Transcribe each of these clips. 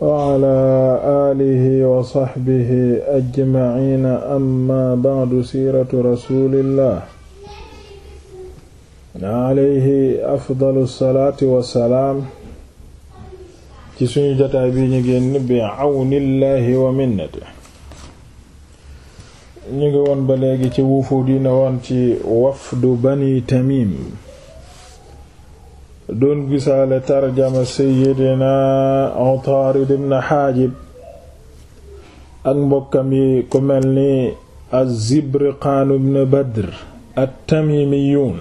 wala ala alihi wa sahbihi ajmaciina amma bacdu siiratu rasulillah alayhi afdalu salaati wa salaam ci suñu jotaay bi ñu génn bi awnillahi wa minnatihi ñu ngi ba léegi ci wuufu dina woon ci wafdu bani tamim doon gisaale tarjama Seydina Utaarid ibn Haajib ak mbokkam yi ku mel ni Az-Zibriqaan ibn Badr at-Tamimiyuun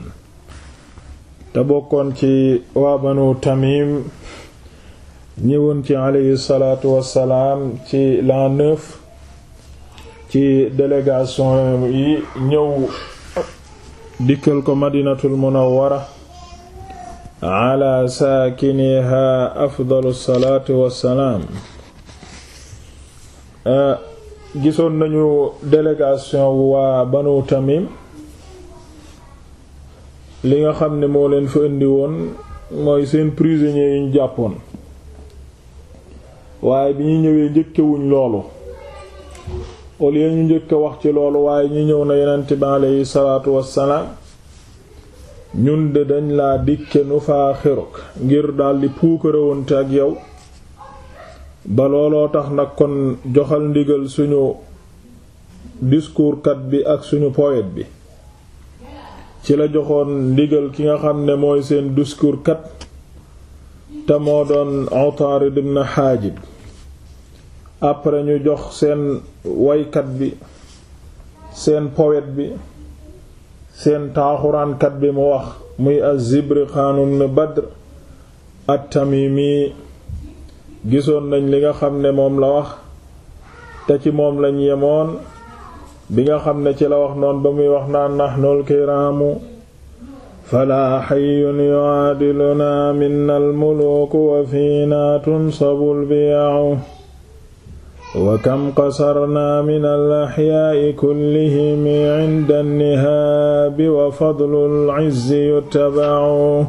te bokkoon ci waa Banu Tamim ñëwoon ci aleyhi salaatu wassalaam ci l'an ci délégation yi ñëw dikkal ko Madinatul Munawwara ala saakiniha afdalu euh, gisoon nañu délégation waa banu li nga xam ne moo leen fa mooy seen prisonniers yi jàppoon waaye bi ñu ñëwee njëkkewuñ loolu au lieu ñu njëkk wax ci loolu waaye ñu ñëw na yonent bi aleyhi salaatu wassalaam ñun de dañ la dikke nu faaxiruk ngir daldi puukarewante ak yow ba looloo tax nag kon joxal ndigal suñu discours bi ak suñu poète bi ci la joxoon ndigal ki nga xam ne mooy seen discours te moo doon Utaarid ibn Haajib après ñu jox seen woykat bi seen poète bi seen taaxuraankat bi mu wax muy az-Zibriqaan ibn Badr at-Tamimi gisoon nañ li nga xam ne moom la wax te ci moom lañ yemoon bi nga xam ne ci la wax noon ba muy wax naan nahnul kiraamu falaa hayyun yu'aadilunaa minna al-muluku wa fiinaa tunsabu al-biyaa'u wa kam qasarnaa min al-axyaa'i kullihim inda an-nihaabi wa fadlu al-'izzi yuttaba'u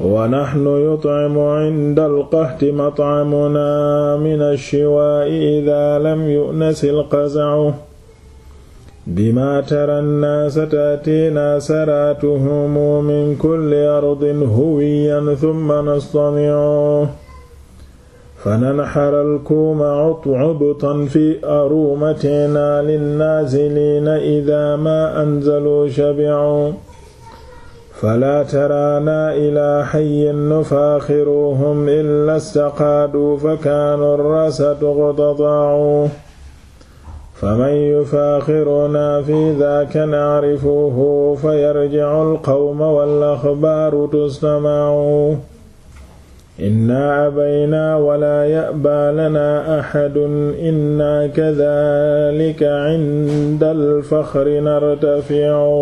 wa naxnu yut'imu 'inda al-qahti mat'amunaa min ash-shiwaa'i idaa lam yu'nas al-qaza'u bimaa tara an-naasa ta'tiinaa saraatuhum min kulli ardin huwiyyan thumma nastami'u فننحر الكوم عبطا في أرومتنا للنازلين إذا ما أنزلوا شبعوا فلا ترانا إلى حي نفاخرهم إلا استقادوا فكانوا الرسد قد ضاعوا فمن يفاخرنا في ذاك نعرفه فيرجع القوم والأخبار تسمع inna abaynaa wala ya'baa lanaa axadun inna kadaalika inda alfaxri nartafi'u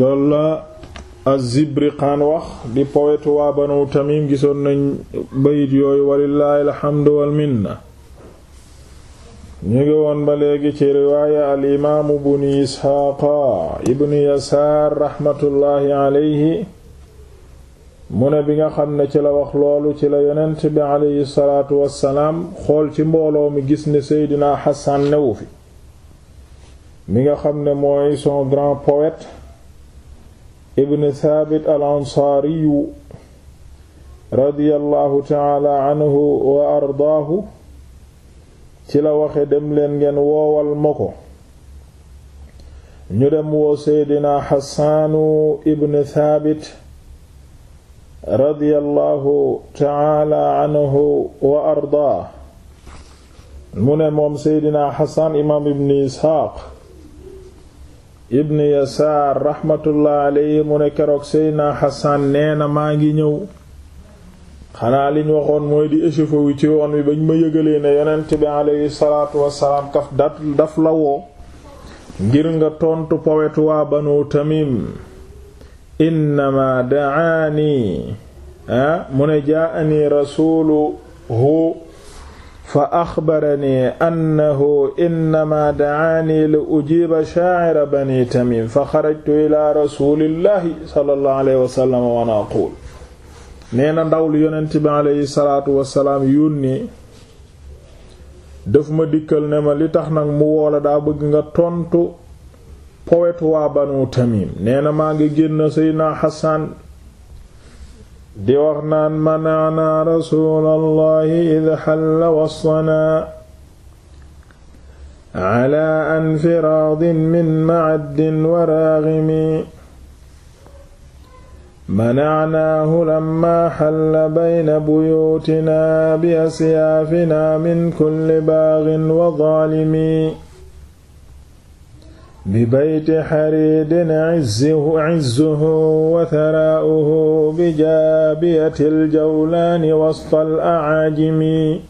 loolu la az-Zibriqaan wax di poète waa Banu Tamiim gisoon nañ bayit yooyu walillaahi alxamdu wal minna ñu ngi woon ba léegi ci riwaaya al imaamu bnu Isxaaqa ibnu Yasaar raxmatullaahi alayhi mu ne bi nga xam ne ci la wax loolu ci la yonent bi aleyhi salaatu wassalaam xool ci mbooloo mi gis ne Seydina Hassan newu fi mi nga xam ne mooy son grand poète ibn Thabit al ansaariyu radiyallahu taala anhu wa ardaahu ci la waxe dem leen ngeen woowal ma ko ñu dem woo Seydina Hassanu ibn Thabit radiyallahu taala anhu wa ardaa mu ne moom seydina xasan imaam ibn isxaaq ibn yasaar raxmatullah alayhi mu ne keroog seydina xasan nee maa ngi ñëw xanaa liñ waxoon mooy di échauffé wu ci woon wi bañ ma yëgalee ne yonent bi alayhi salaatu wassalaam kaf daf la woo ngir nga tontu powetu waa banu tamim innama dacaanii ah mu ne jaa'anii rasuluhu fa axbaranii annahu innama dacaanii li ujiba shaacira bani tamim fa xarajtu ilaa rasulillahi sallallahu alayhi wa sallam wa aqul nee ndaw li yonent bi alayhi salaatu wasalaam yónni daf ma dikkal ne ma li tax nag mu woola daa bëgg nga tontu poète waa banu tamim nee na maa ngi génn di wax naan manaana rasuulallahi id xalla wasanaa ala anfiraadin min macaddin wa raaghimi manacnaahu lamma xalla bayna buyuutinaa bi asyaafina min kulli bi bayti xaridin izzuhu wa tharaa'uhu bi jaabiyatil jawlaani wastal acaajimi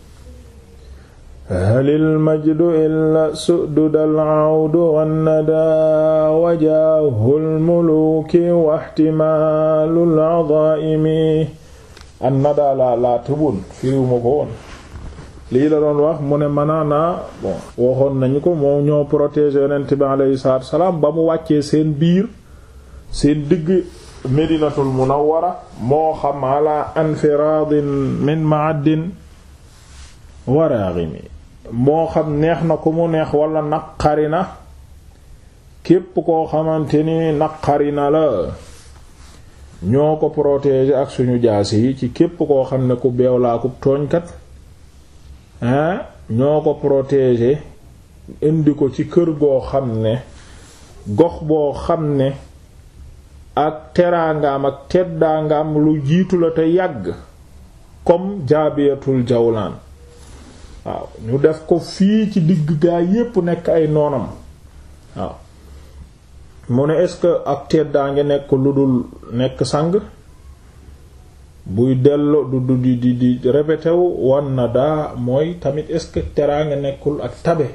halil majdu illa sududal awdu wannadaa wajaahul muluuki wahtimaalul adaa'imi annadaa laa laa tubun firiwuma ko woon lii la doon wax mu ne ma bon waxoon nañu ko moom ñoo protéger yonent bi salaam ba mu wàccee seen biir seen digg medinatul munawwara moo xam ala anfiradin min ma'addin waraghimi moo xam neex na ku mu neex walla naqari na képp koo xamante ni naqari la ñoo ko protéger ak suñu jaase yi ci képp koo xam ne ku beew laa ku tooñkat ñoo ko protéger indi ko ci kër goo xam ne gox boo xam ne ak teraangaam ak teddaangaam lu jiitu la te yàgg comme jaabiyatul jawlaan waaw ñu def ko fii ci digg gaa yépp nekk ay noonam waaw mu ne est-ce que ak nekk lu dul nekk sang buy delloo du du di di di répété wan na mooy tamit est-ce que teraanga nekkul ak tabe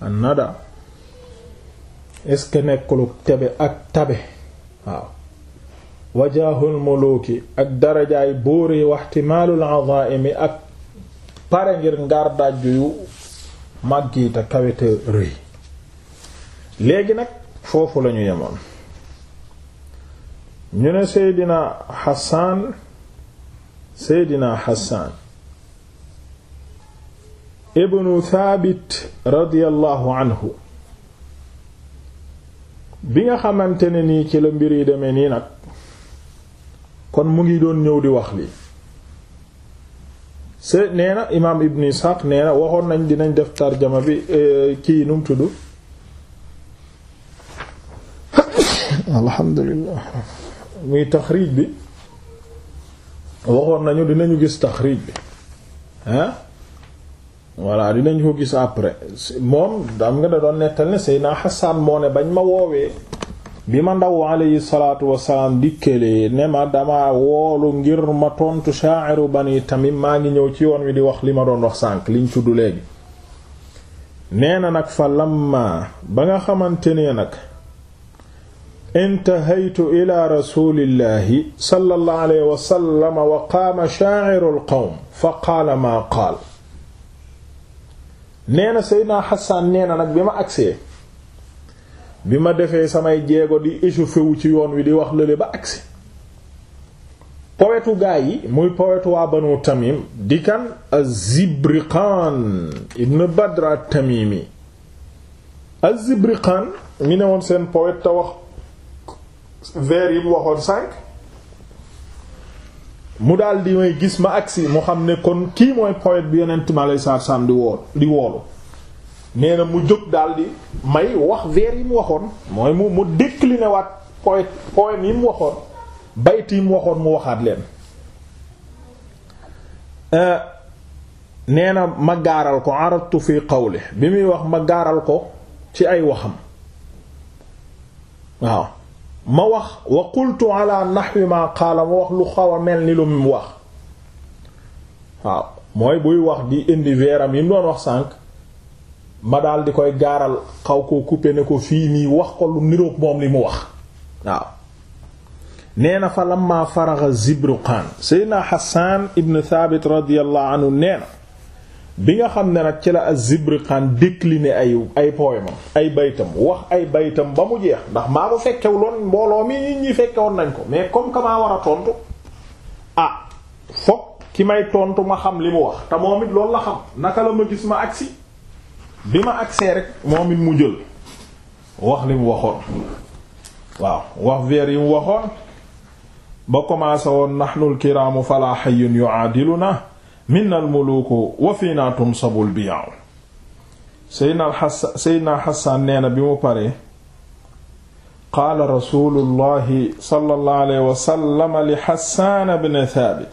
a na daa est-ce tabe ak tabe waaw wajaahul muluuki ak darajaay buur yi waxtimaalul azaimi ak pare ngir ngaar yu màggi te rëy léegi nag foofu lañu yemoon ñu ne Seydina Hassan seydina xasaan ibnu thaabit radiallahu anhu bi nga xamante ne nii ci la mbir yi demee nii nag kon mu ngi doon ñëw di wax lii se nee na imaam ibn Isxaaq nee na waxoon nañ dinañ def tarjama bi e, kii num tudd alhamdulillah muy taxriij bi waxoon nañu dinañu gis taxriij bi ah voilà dinañ ko gis après moom dam nga da doon nettal ne Seydina Hassan moo ne bañ ma woowee bi ma ndaw alayhi salaatu wasalaam dikkalee ne ma dama woolu ngir ma tontu ban yi tamit maa ngi ñëw ci yoon wi di wax li ma doon wax sànq liñ tudd léegi nee na nag fa lamma ba nga xamante ne nag intahaytu ila rasulillahi sallallahu alayhi wa sallam wa qaama shaa'irul qawm fa qaala maa qaal nee na Seydina Xassan na nag bi ma agsee bi ma defee samay jéego di échauffé wu ci yoon wi di wax lële ba agsi powetu gaa yi muy powetu waa Banu Tamim di kan Az-Zibriqaan ibn Badr At-Tamimi Az-Zibriqaan mi ne woon seen powet te wax vers yi mu waxoon cinq mu daldi di may gis ma agsi mu xam ne kon kii mooy poète bi yonent ma lay saa saam di wool di woolu nee mu jóg daal may wax vers yi mu waxoon mooy mu mu décliné waat poète yi mu waxoon bayt yi mu waxoon mu waxaat leen euh, nee ma gaaral ko aratu fi qawli bi muy wax ma gaaral ko ci ay waxam waaw ma wax wa qultu ala nahwi ma qaala wax lu xaw a mel ni lu mu wax waaw mooy buy wax di indi weeram yi mu doon wax sànq ma daal di koy gaaral xaw ko couper ne ko fii nii wax ko lu niroog moom li mu wax waaw nee na fa lamma faraga zibruqaan seydna Hassan ibn Thabit radiyallahu nee na bi nga xam ne nag ci la ak Az-Zibriqaan décliné ay ay poème ay baytam wax ay baytam ba mu jeex ndax maa ko fekkewuloon mbooloo mi nit ñi fekkewoon nañ ko mais comme que maa war a tontu ah fokk ki may tontu ma xam li mu wax te moom it loolu la xam naka la ma gis ma agsi bi ma agsee rek moom it mu jël wax li mu waxoon waaw wax vers yi mu waxoon ba commencé woon nahnul kiraamu falaa hayyun yu'aadiluna min almuluku wa fiinaa tunsabu albiyaa'u seydna seydna xasaan nee na bi mu paree qaala rasulullahi sallallahu alayhi wa sallam li xasaan ibn thaabit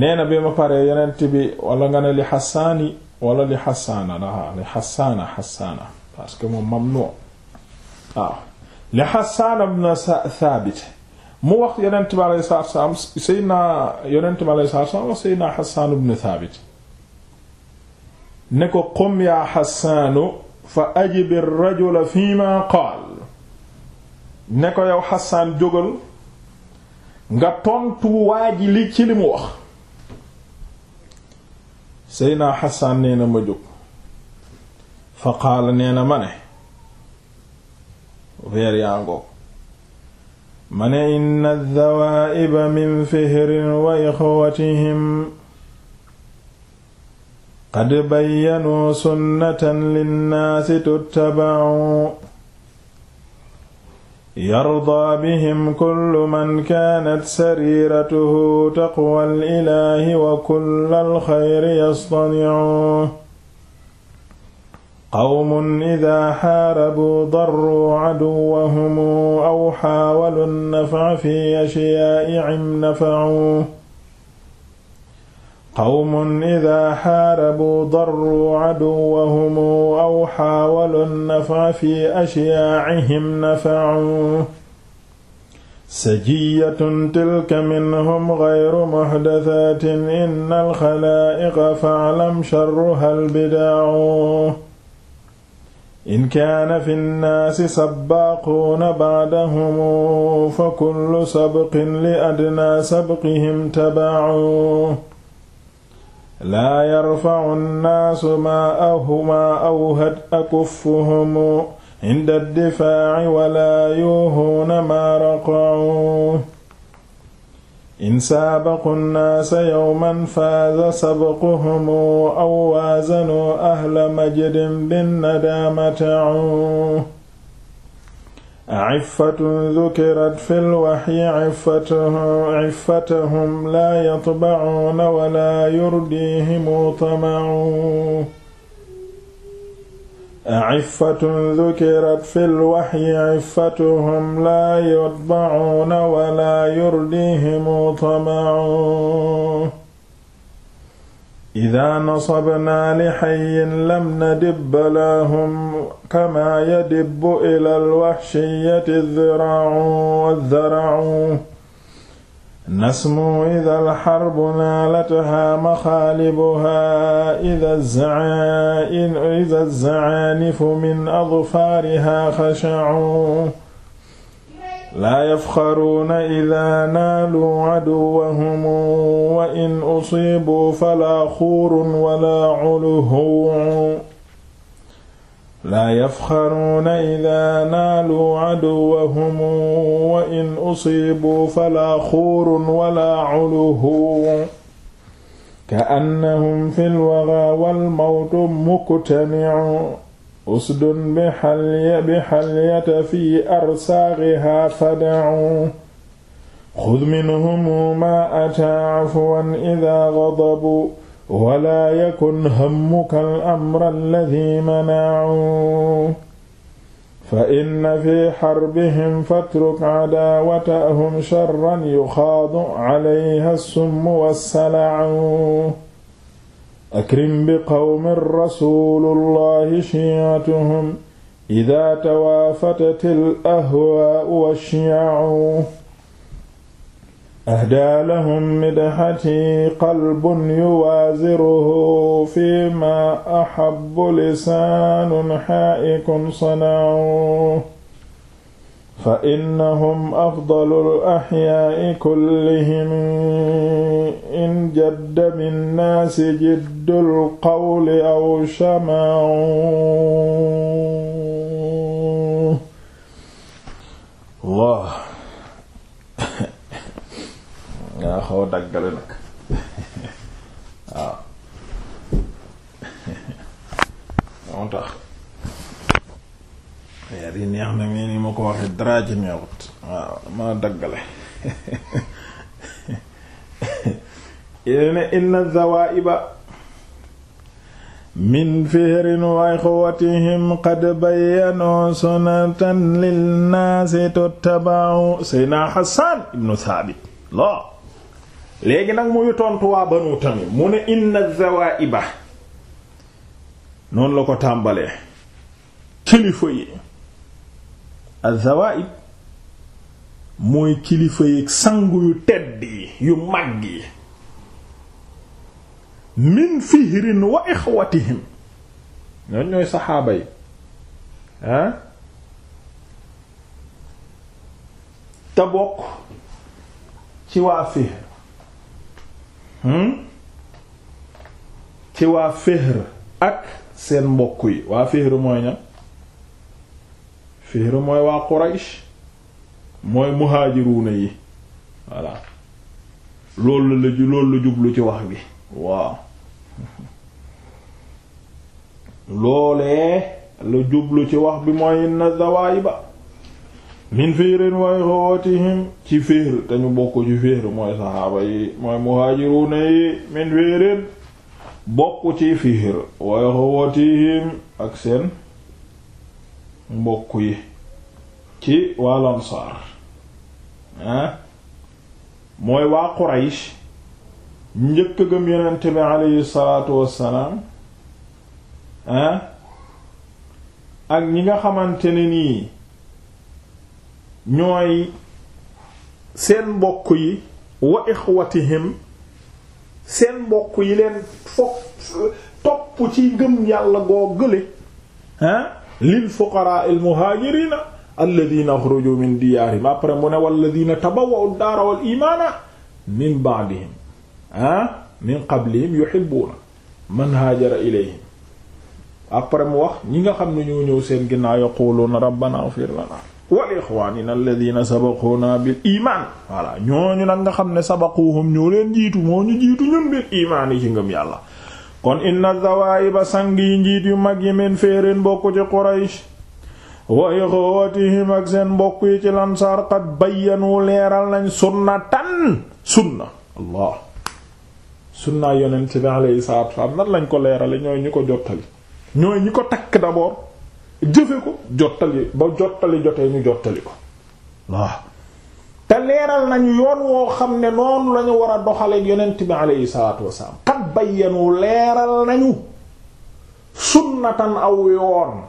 nee na bi mu paree yonent bi wala nga ne li xasaani wala li xasaana daa li xasaana xasaana parce que moom mamnu waaw li xasaan ibn thaabit mu wax yonent bi alayhi salaatu wa salaam Seydina yonent bi alayhi salaatu wa Hassan ibn Thabit ne ko qum yaa Hassan fa ajib ar-rajul fiima qaal ne ko yow Hassan jógal nga tontu waa li ci li mu wax Seydina Hassan nee na ma jóg fa qaal nee ma ne weer yaa ngoog ma ne inna dawaaiba min fihrin wa ixwatihim qad bayyanu sunnatan linnaasi tuttabacu yardaa bihim kullu man kaanat sariiratuhu taqwa al ilaahi wa kulla alxayri yastanicu qawmun idaa xaarabuu darruu caduwahum aw xaawaluu nnafaca fi ashyaa'ihim nafacuu qawmun idaa xaarabuu darruu caduwahum aw xaawaluu nnafaca fi ashyaa'ihim nafacuu sajiyatun tilka minhum gayru muxdasaatin inna alxalaa'iqa faclam sharruha albidaacu in kaana fi nnaasi sabbaaquuna ba'dahum fa kullu sabqin li adnaa sabqihim taba'u laa yarfa'u nnaasu maa awhad akuffuhum inda ddifaa'i wa laa yuuhuuna maa raqa'u in saabaqu nnaasa yowman faaza sabquhum aw waazanu ahla majdin binnadaamataau ciffatun dukirat fil waxyi ciffatahum laa yatbacuuna wala yurdiihimu tamau عفة ذكرت في الوحي عفتهم لا يتبعون ولا يرديهم طمع إذا نصبنا لحي لم ندب لهم كما يدب إلى الوحشية الذراع والذرع nasmu ida alxarbu naalataha maxaalibuha ida ida zacaanifu min adfaariha xashacu laa yafxaruuna ida naaluu caduwahum wa in usiibuu falaa xuurun wala culuhu laa yafxaruuna idaa naaluu caduwahum wa in usiibuu falaa xuurun walaa culuhu kaannahum fi lwagaa walmawtu muktanicu usdun bixalyata fi arsaaqihaa fadacu xud minhum maa ataa cafwan idaa gadabuu wala yakun hammuka al-amra alladhi mana'u fa inna fi harbihim fatruk adaawatahum sharran yuxaadu calayha summu wassalaacu akrim biqawmin rasuulullahi shiicatuhum idaa tawaafatat al ahwaau washiyacu ahdaa lahum midhati qalbun yuwaaziruhu fiimaa ahabbu lisaanun haa'ikun sana'uhu fa innahum afdalu al-ahyaa'i kullihim in jadda bin-naasi jiddul qawli aw shamaa'uhu nga xaw daggale nag waaw moo tax weer yi neex na mii ni ma ko waxee dara ci neexut waaw ma min fihrin wa ixwatihim qad bayyanu sunatan lil naasi tuttaba'u sayna Hassan ibnu Thabit léegi nag muy tontu waa banu tamim mu ne inna zawaiba noonu la ko tàmbalee kilifa yi azawaib mooy kilifa yi sangu yu tedd yi yu màgg yi min fihrin wa ixwatihim ñoon ñooy saxaaba yi ah te bokk ci waa fihr Hmm? ci waa Fihr ak seen mbokk yi waa Fihr mooy ña Fihr mooy waa Quraysh mooy muhaajiruuna yi voilà loolu la loolu la jublu ci wax bi waaw loolee la jublu ci wax bi mooy na zawaayi ba min fiirin wa ixwatihim ci fiir te ñu bokk ci fiir mooy saxaaba yi mooy muhaajiruuna yi min fiirin bokk ci fiir wa ixwatihim ak seen mbokk yi ci waa lansaar ah mooy waa Quraysh njëkk gëm yonent bi aleyhi salaatu wassalaam ah ak ñi nga xamante ne nii ñooy seen mbokk yi wa ixwatihim seen mbokk yi leen fo topp ci ngëm yàlla goo gële ah lil fuqaraa al muhaajiriina alladina uxruju après mu ne walladina tabawwa'u daara wal iimaana min ba'dihim ah min qablihim yuhibbuuna man haajara ilayhim après mu wax ñi nga xam ni ñoo ñëw seen ginnaaw yaquluuna rabbana ighfir lana wa li ixwaanina alladina sabaquuna bil iman voilà ñooñu nag nga xam ne sabaquhum ñoo leen jiitu moo ñu jiitu ñun bil imaan yi ci ngëm yàlla kon inna zawaayiba sang yi njiit yu mag yi min féeréen bokk ci Quraysh wa ixwatihim ak seen mbokk yi ci lansaar qad bayyanu leeral nañ sunnatan sunna sunna yonent bi alayhi salaatu wa salaam lañ ko leerale ñooy ñi ko jottali ñooy ñi ko takk d'abord jëfe ko jottali ba jottali jotee ñu jottali ko waaw te leeral nañu yoon woo xam ne noonu lañu war a doxaleek yonent bi aleyhi salaatu wasalaam qad bayyanu leeral nañu sunnatan aw yoon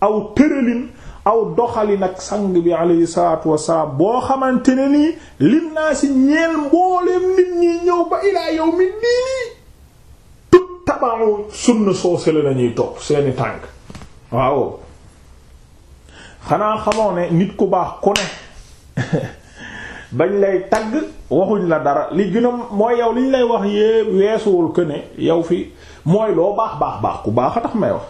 aw tëralin aw doxali nag sang bi aleyhi salaatu wasalaam boo xamante ne nii lim naa si ñeel mbooleem nit ñi ñëw ba ilaa yawmi diini tut tabaaru sunna soosale lañuy topp seeni tànk waaw xanaa xamoo ne nit ku baax ku ne bañ lay tagg waxuñ la dara li gën a mooy yow liñ lay wax yépp weesuwul que ne yow fi mooy loo baax baax baax baax a tax may wax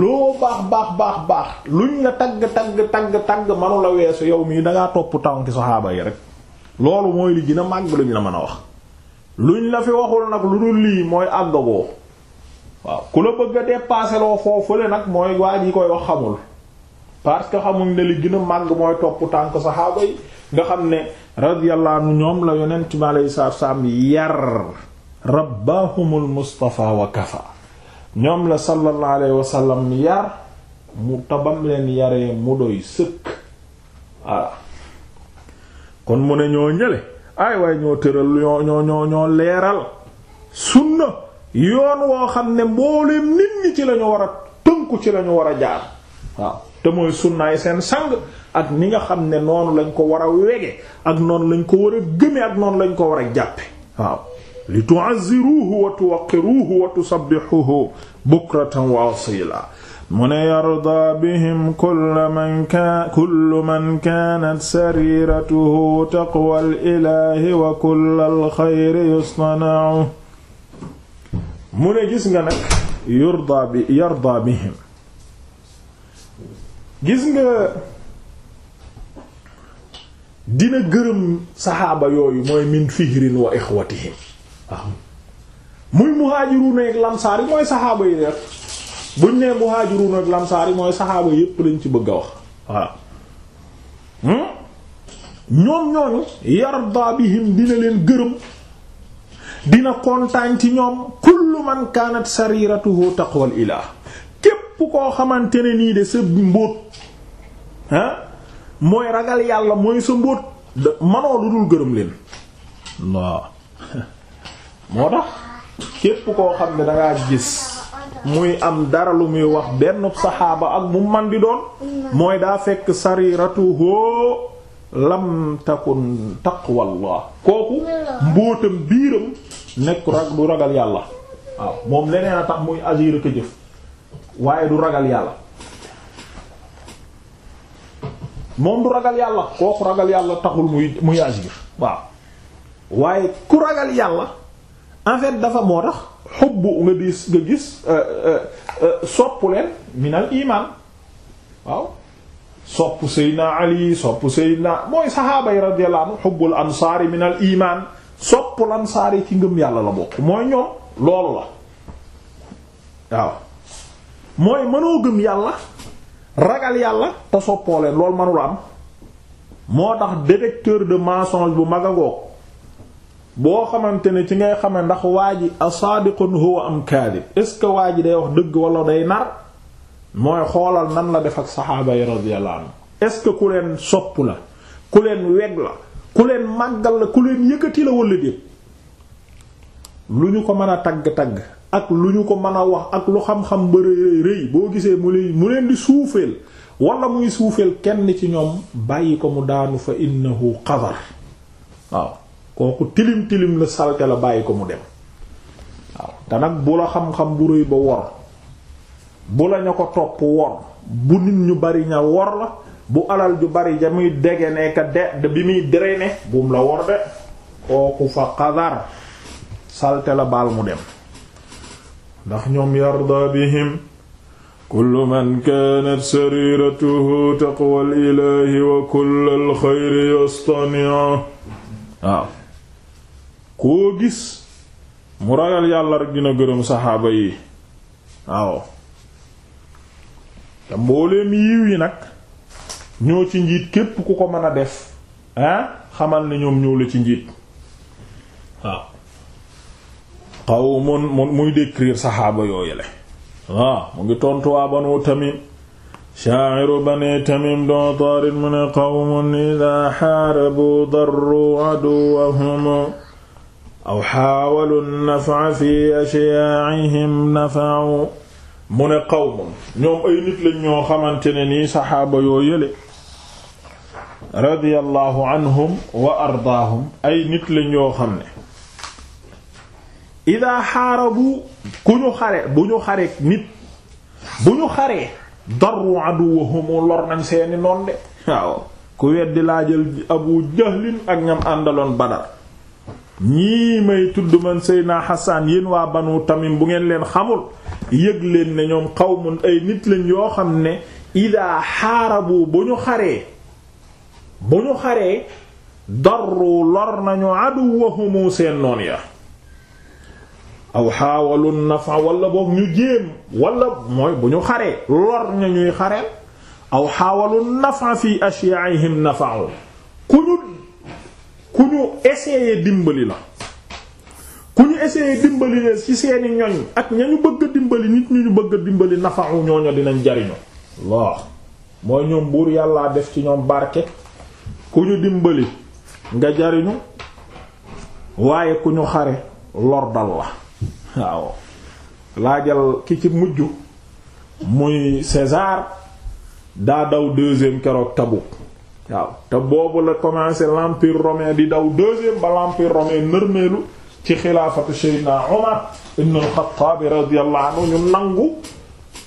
loo baax baax baax baax luñ la tagg tagg tagg tagg manu la weesu yow mii dangaa topp tànki saxaaba yi rek loolu mooy li gën a màgg luñ la mën a wax luñ la fi waxul nag lu dul lii mooy àggagoo waaw ku la bëgg a dépasser loo foofule nag mooy waa ji koy wax xamul parce que xamuñ ne li gën a màgg mooy topp tànk saxaaba yi nga xam ne radiyallahu anhu ñoom la yonent mi alayhi ñoom la sallallahu alayhi wa yar mu tabam leen yaree mu doy sëkk voilà kon mu ne ñoo ñële ay waaye ñoo tëral ñoo ñoo ñoo leeral sunna yoon woo xam ne mbooleem nit ñi ci lañu war a tënku ci lañu war a jaar waaw te mooy sunnaay seen sang ak ni nga xam ne noonu lañ ko war a wege ak noonu lañ ko war a gëme ak noonu lañ ko war a jàppe waaw li tu'azziruhu wa tuwaqqiruhu wa tusabbihuhu bukratan wa asila mu ne yarda bihim kullu man kaana kullu taqwa al ilahi wa kullu al khayri yusna'u mu ne gis nga nag yurda bi yarda bihim gis nga dina gërëm saxaaba yooyu mooy min fihrin wa ixwatihim waaw muy muhaajiruun ak lamsaar yi mooy saxaaba yi rek buñ nee muhaajiruun ak lamsaar yi mooy saxaaba yépp lañ ci bëgg a wax waaw hmm? ñoom ñooñu yarda bihim dina leen gërëm dina kontaan ci ñoom kullu man kaanat sariratuhu taqwal ilah képp koo xamante ne nii de sa mbóot mooy ragal yàlla mooy sa mbóot manoo lu dul gërëm leen waaw moo tax képp koo xam ne dangaa gis muy am dara lu muy wax benn saxaaba ak mu man di doon mooy daa fekk sariratuhu lam takun taqwallah kooku mbóotam biiram nekk rag du ragal yàlla waaw moom leneen a tax muy agir ko jëf waaye du ragal yàlla moom du ragal yàlla kooku ragal yàlla taxul muy muy agir waaw waaye ku ragal yàlla en fait dafa moo tax xubbu nga euh, euh, euh, ali sopp seydna mooy sahaaba yi radiyallahu anhu ansaari minal iman sopp lansaar yi ci ngëm yàlla la bokk mooy ñoom loolu la waaw mooy mënoo gëm yàlla ragal yàlla te soppoo leen loolu mënula am moo tax directeur de mensonge bu mag a goog boo xamante ne ci ngay xame ndax waa ji asadiqun huwa am kadib est-ce que waa ji day wax dëgg wala day nar mooy xoolal nan la def ak saxaaba yi radiyallahu anhu est-ce que ku leen sopp la ku leen weg la ku leen màggal la ku leen yëkkati la wala déet lu ñu ko mën a tagg-tagg ak lu ñu ko mën a wax ak lu xam-xam ba rëy rëy boo gisee mu leen mu leen di suufeel wala muy suufeel kenn ci ñoom bàyyi ko mu daanu fa innahu xadar waaw kooku tilim tilim la salte la bàyyi ko mu dem waaw te nag bu la xam-xam bu rëy ba wor bu la ña ko topp wor bu nit ñu bari ña wor la bu alal ju bari ja muy dege nekka de bi muy drainer buum la wor de kooku fa qadar salte la baal mu dem ndax ñoom yarda bihim kullu man kaanat sariratuhu taqwa al wa kull al xayri yastani'a waaw koo gis mu ragal yàlla rek dina gërëm saxaaba yi waaw te mbooleem yiw yi nag ñoo ci njiit képp ku ko mën a def ah xamal ne ñoom ñoo la ci njiit waaw qawmun muy décrire saxaaba yooyule waaw mu ngi tontu waa banu tamim sha'iru bani tamim don taarit mu ne qawmun idha xaarabu aw xaawalu nafa fi ashyaa'ihim nafa'u mu ne qawmun ñoom ay nit lañ xamante nii saxaaba yooyule radiyallahu anhum wa ardaahum ay nit lañ yoo xam ne ida xaarabu ku ñu xare bu ñu xare nit bu ñu xaree darru aduwahum lor nañ seeni noon waaw ku weddi laa jël abu jahlin ak ñam àndaloon badar ñii may tudd man seydna xasaan yéen waa banu tamim bu ngeen leen xamul yëg leen ne ñoom xaw xawmun ay nit lañ yoo xam ne ida xaarabu bu ñu xaree bu ñu xaree darru lor nañu aduwahumu seen noon ya aw xaawalu nafa wala boog ñu jéem wala mooy bu ñu xaree lor na ñuy xareel aw xaawalu nafa fi ashyaihim nafa'u ku ñu ku ñu essayer dimbali la ku ñu essayer dimbali la ci seeni ñoñ ak ña ñu bëgg dimbali nit ñu ñu bëgg a dimbali nafa'u ñooñu dinañ jariñu Allah mooy ñoom buur yàllaa def ci ñoom barke ku ñu dimbali nga jariñu waaye ku ñu xare lor dal la waaw laajal ki ci mujj muy César daa daw deuxième keroog Tabuk waaw te boobu la commencé l'empire romain di daw deuxième ba l'empire romain nërmeelu ci xilaafatu Seydina Omar ibn al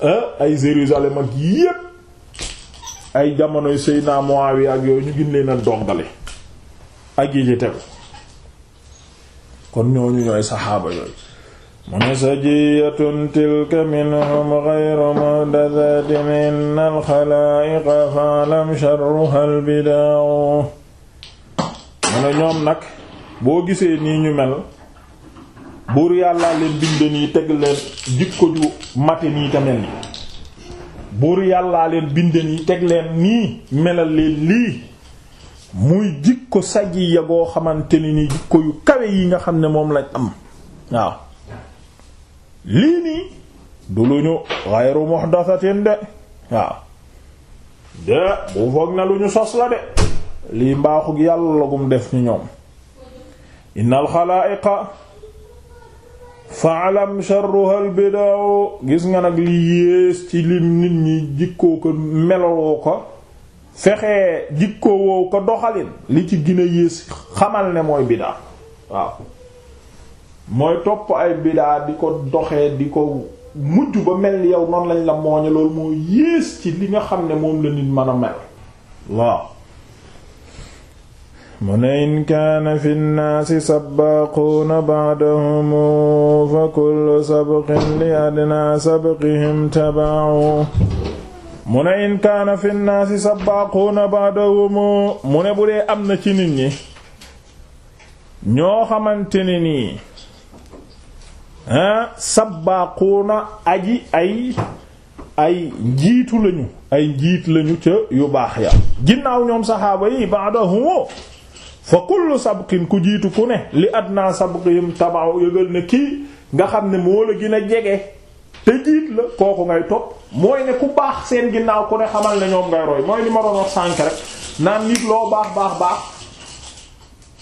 eh, ay Jérusalem ak yépp ay jamonoy Seydina Muawiya ak yooyu ñu gën leen a dongale ak yi ci tegu kon ñooñu ñooy saxaaba yooyu mu ne sajiyatun tilka minhum ghayru muhdathatin inna al-khalaa'iqa fa'lam sharruha al-bidaa'u mu ne ñoom nag boo gisee nii ñu mel buur yàlla leen bind nii teg leen jikko ju mate nii tamit nii buur yàllaa leen binde teg leen nii melal leen lii muy jikko saji ya goo xamante ni jikko yu kawe yi nga xam ne moom lañ am waaw lii nii du lu ñu xayru muhdathatin de waaw de bu foog na lu ñu sos la de lii mbaaxug yàlla la def ñu ñoom innal xalaa'iqa faalam sharruhal bidaaw gis nga nag li yées ci li nit ñi jikkoo ko meloo ko fexe jikkoo woo ko doxalin li ci gina a yées xamal ne mooy bidaa waaw mooy topp ay bidaa di ko doxee di ko mujj ba mel yow noonu lañ la mooñe loolu moo yées ci li nga xam ne moom la nit mën a mel waaw mu ne in kaana fi nnaasi sabbaaquuna ba'dahum fa kullu sabqin li adnaa sabqihim taba'u mu ne in kaana fi nnaasi sabbaaquuna ba'dahum mu ne bu dee am na ci nit ñi ñoo xamante ne nii ah sabbaaquuna aji ay ay njiitu lañu ay njiit lañu ca yu baax ya ginnaaw ñoom saxaaba yi fa kullu sabqin ku jiitu ku ne li adna sabqihim tabaw yëgal ne kii nga xam ne moo la gën a jege te jiit la kooku ngay topp mooy ne ku baax seen ginnaaw ku ne xamal ne ñoom ngay roy mooy li ma doon wax sànk rek naan nit loo baax baax baax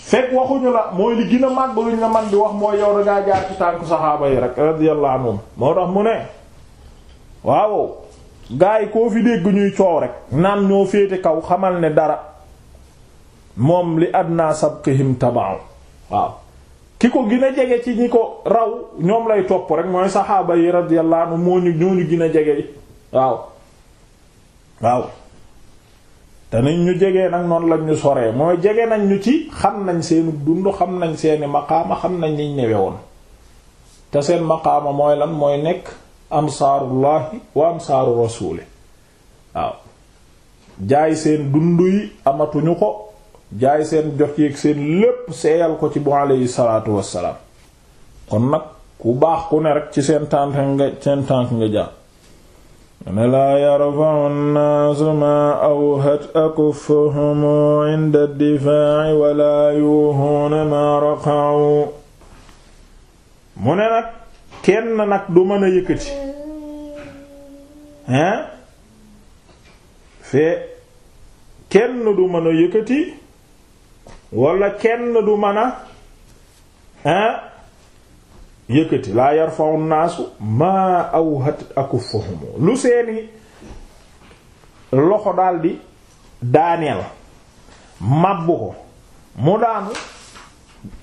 fekk waxuñu la mooy li gën a màgg luñ la man di wax mooy yow dangaa ci tànku saxaaba yi rek radiyallahu anhum moo tax mu ne waaw gaa koo fi dégg ñuy coow rek naan ñoo féete kaw xamal ne dara moom li adna sabqihim taba'u waaw ki ko gën a jege ci ñi ko raw ñoom lay topp rek mooy saxaaba yi radiyallahu anhu moo ñu ñoo ñu gën a waaw waaw te nañ ñu jegee nag noonu lañ ñu soree mooy jege nañ ñu ci xam nañ seenu dund xam nañ seeni maqaama xam nañ niñ newe woon te seen maqaama mooy lan mooy nekk ansaarullahi wa ansaaru rasuuli waaw jaay seen dund yi amatuñu ko jaay seen jox yeeg seen lépp seeyal ko ci bu aleyhi salaatu wassalaam kon nag ku baax ku ne rek ci seen tànk nga tànk nga jaar ne laa wala yuuhuuna mu ne nag kenn nag du mën a yëkkati hein fee kenn du mën a yëkkati wala kenn du mën a ah yëkkati laa yarfa'u naasu maa awhat akuffuhum lu seeni loxo daldi daaneel mabbu ko mu daanu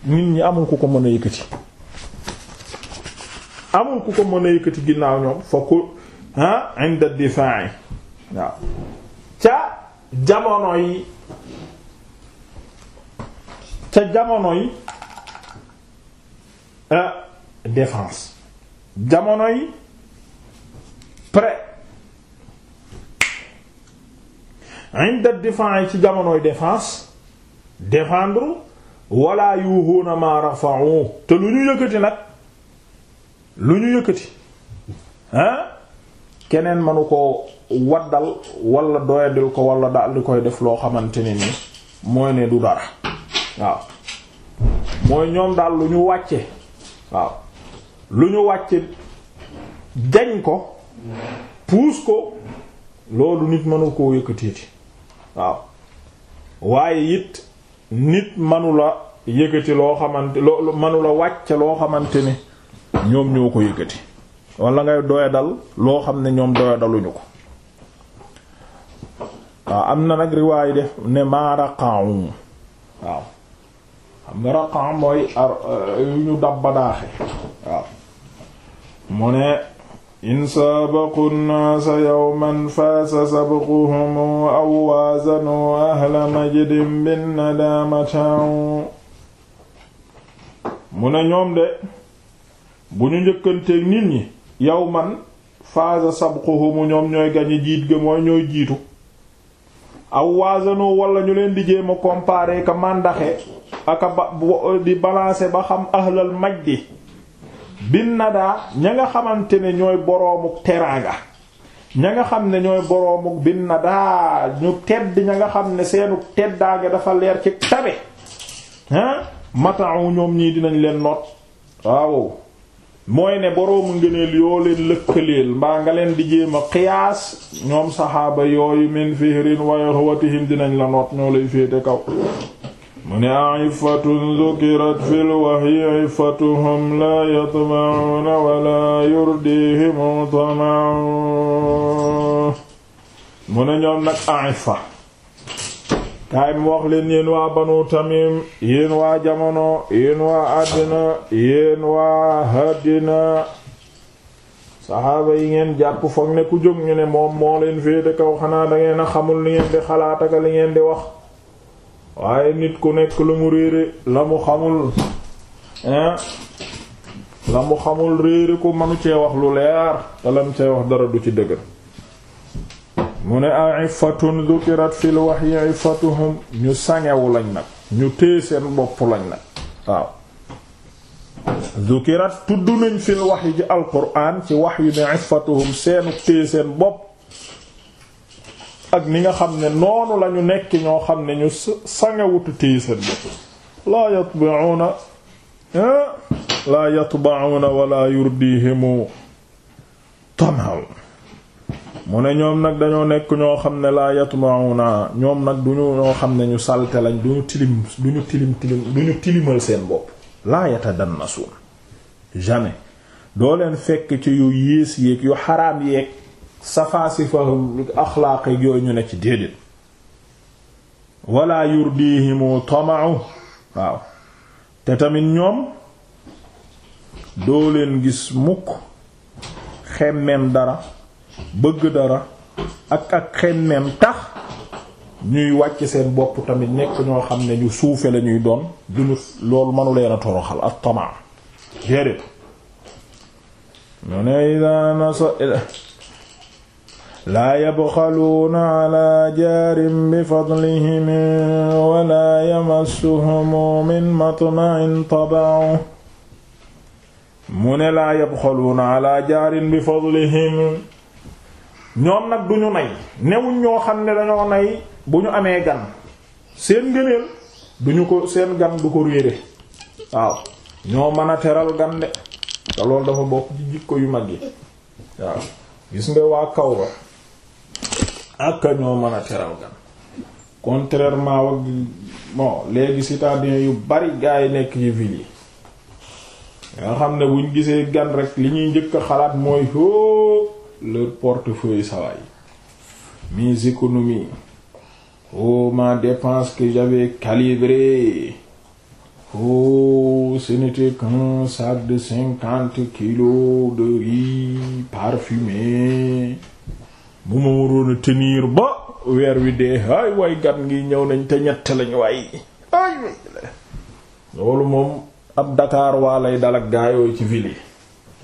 nit ñi amul ku ko mën a yëkkati amul ku ko mën a yëkkati ginnaaw ñoom fa ko ah inda difa'i waaw ca jamono yi ca jamonoy euh, défense jamonoy pré inda difaa ci jamonoy défense défendre wala yuhuuna ma rafa'u te lu ñu yëkkati nag lu ñu yëkkati ah keneen manu ko waddal wala doyadil ko wala daal di koy def loo xamante ne ni mooy ne du dara waaw mooy ñoom daal lu ñu wàcce waaw lu ñu wàcce jañ ko puus ko loolu nit mënu koo yëkkatiiti waaw waaye it nit manula la yëkkati loo xamante loo mënu wàcce loo xamante ni ñoom ñoo ko yëkkati wala ngay doya dal loo xam ne ñoom doya daluñu ko waaw am na nag riwaay def ne maaraqaum waaw xam nga raqa mooy ar euh, yu ñu dabba daaxe mu ne ñoom de bu ñu njëkkanteeg nit ñi yawman faasa sabquhum ñoom ñooy gañe jiit ga mooy ñooy jiitu aw waazanu wala ñu leen di jéem ka màndaxe aka ba di balancer ba xam ahlal majdi bin nadaa ña nga xamante ne ñooy boroomuk teraanga ña nga xam ne ñooy boroomuk bin nadaa ñu tedd ña nga xam ne seenu teddaange dafa leer ci tabe ah mataawu ñoom ñii dinañ leen noot waaw mooy ne boroomu ngëneel yoo leen lëkkaleel mbaa nga leen di jéem a ñoom saxaaba yooyu min fihrin wa yahwatihim dinañ la noot ñoo lay féete kaw mu ne a iffatun dukirat fi lwahyi iffatuhum laa yatma'una wala yurdihim tama'un mu ne ñoom nag a iffa kaay mu wax leen yéen waa banu tamim yéen waa jamono yéen waa àddina yéen waa àddina saxaaba yi ngeen jàpp foog ne ku jóg ñu ne moom moo leen féete kaw xanaa da ngeen a xamul li ngeen di xalaat ak li ngeen di wax waaye nit ku nekk la mu réere la mu xamul hein la mu xamul réere ku manu cee wax lu leer te lam cee wax dara du ci dëgër mu ne a iffatun dukirat fil wahyi iffatuhum ñu sangewu lañ nag ñu téye seen bopp lañ nag waaw dukirat tudd nañ fil wahyi ji alquran ci yu ne iffatuhum seenu téye seen bopp ak ni nga xam ne noonu lañu nekk ñoo xam ne ñu sangewutu téye seen bopp laa yatba'una laa yatba'una wala yurdihimu tamaw mu ne ñoom nag dañoo nekk ñoo xam ne laa yatma'una nag duñu xam ne ñu salte lañ duñu tilim tilim tilim duñu seen bopp laa yatadannasun jamais doo leen fekk ci yu yées yéeg yu xaraam yéeg safaasifa axlaaq yooyu ñu ne ci déedéet wala yurdihimu tama'u waaw te tamit ñoom doo leen gis mukk xemmem dara bëgg dara ak ak xemmem tax ñuy wàcc seen bopp tamit nekk ñoo xam ne ñu suufe lañuy doon duñu loolu mënu leen a toroxal ak tamaa déedéet ñu ne laa yabxaluuna ala jaarin bifadlihim wala yamassuhum min matma'in taba'u mu ne laa yabxaluuna ala jaarin bifadlihim ñoom nag duñu nay newuñ ñoo xam ne dañoo nay bu ñu amee gan seen ngëneel duñu ko seen gan du ko réere waaw ñoo mën a teral gan de te loolu dafa bokk ci jikko yu mag yi waaw gis nga waa kaw ba ak ñoo mën a teral gan contrairement wak bon léegi citadins yu bari gaa nekk ci ville yi nga xam ne buñ gisee gan rek li ñuy njëkk xalaat mooy oh leur portefeuille sawaay mes économies oh ma dépense que j'avais calibrée oh ce n'était cinquante kilos de riz parfumé bu ma waroon a tenir ba weer wi dee ay way gat ngi ñëw nañ te ñett lañu waay ay loolu moom ab Dakar waa lay dal ak gaayooyu ci ville yi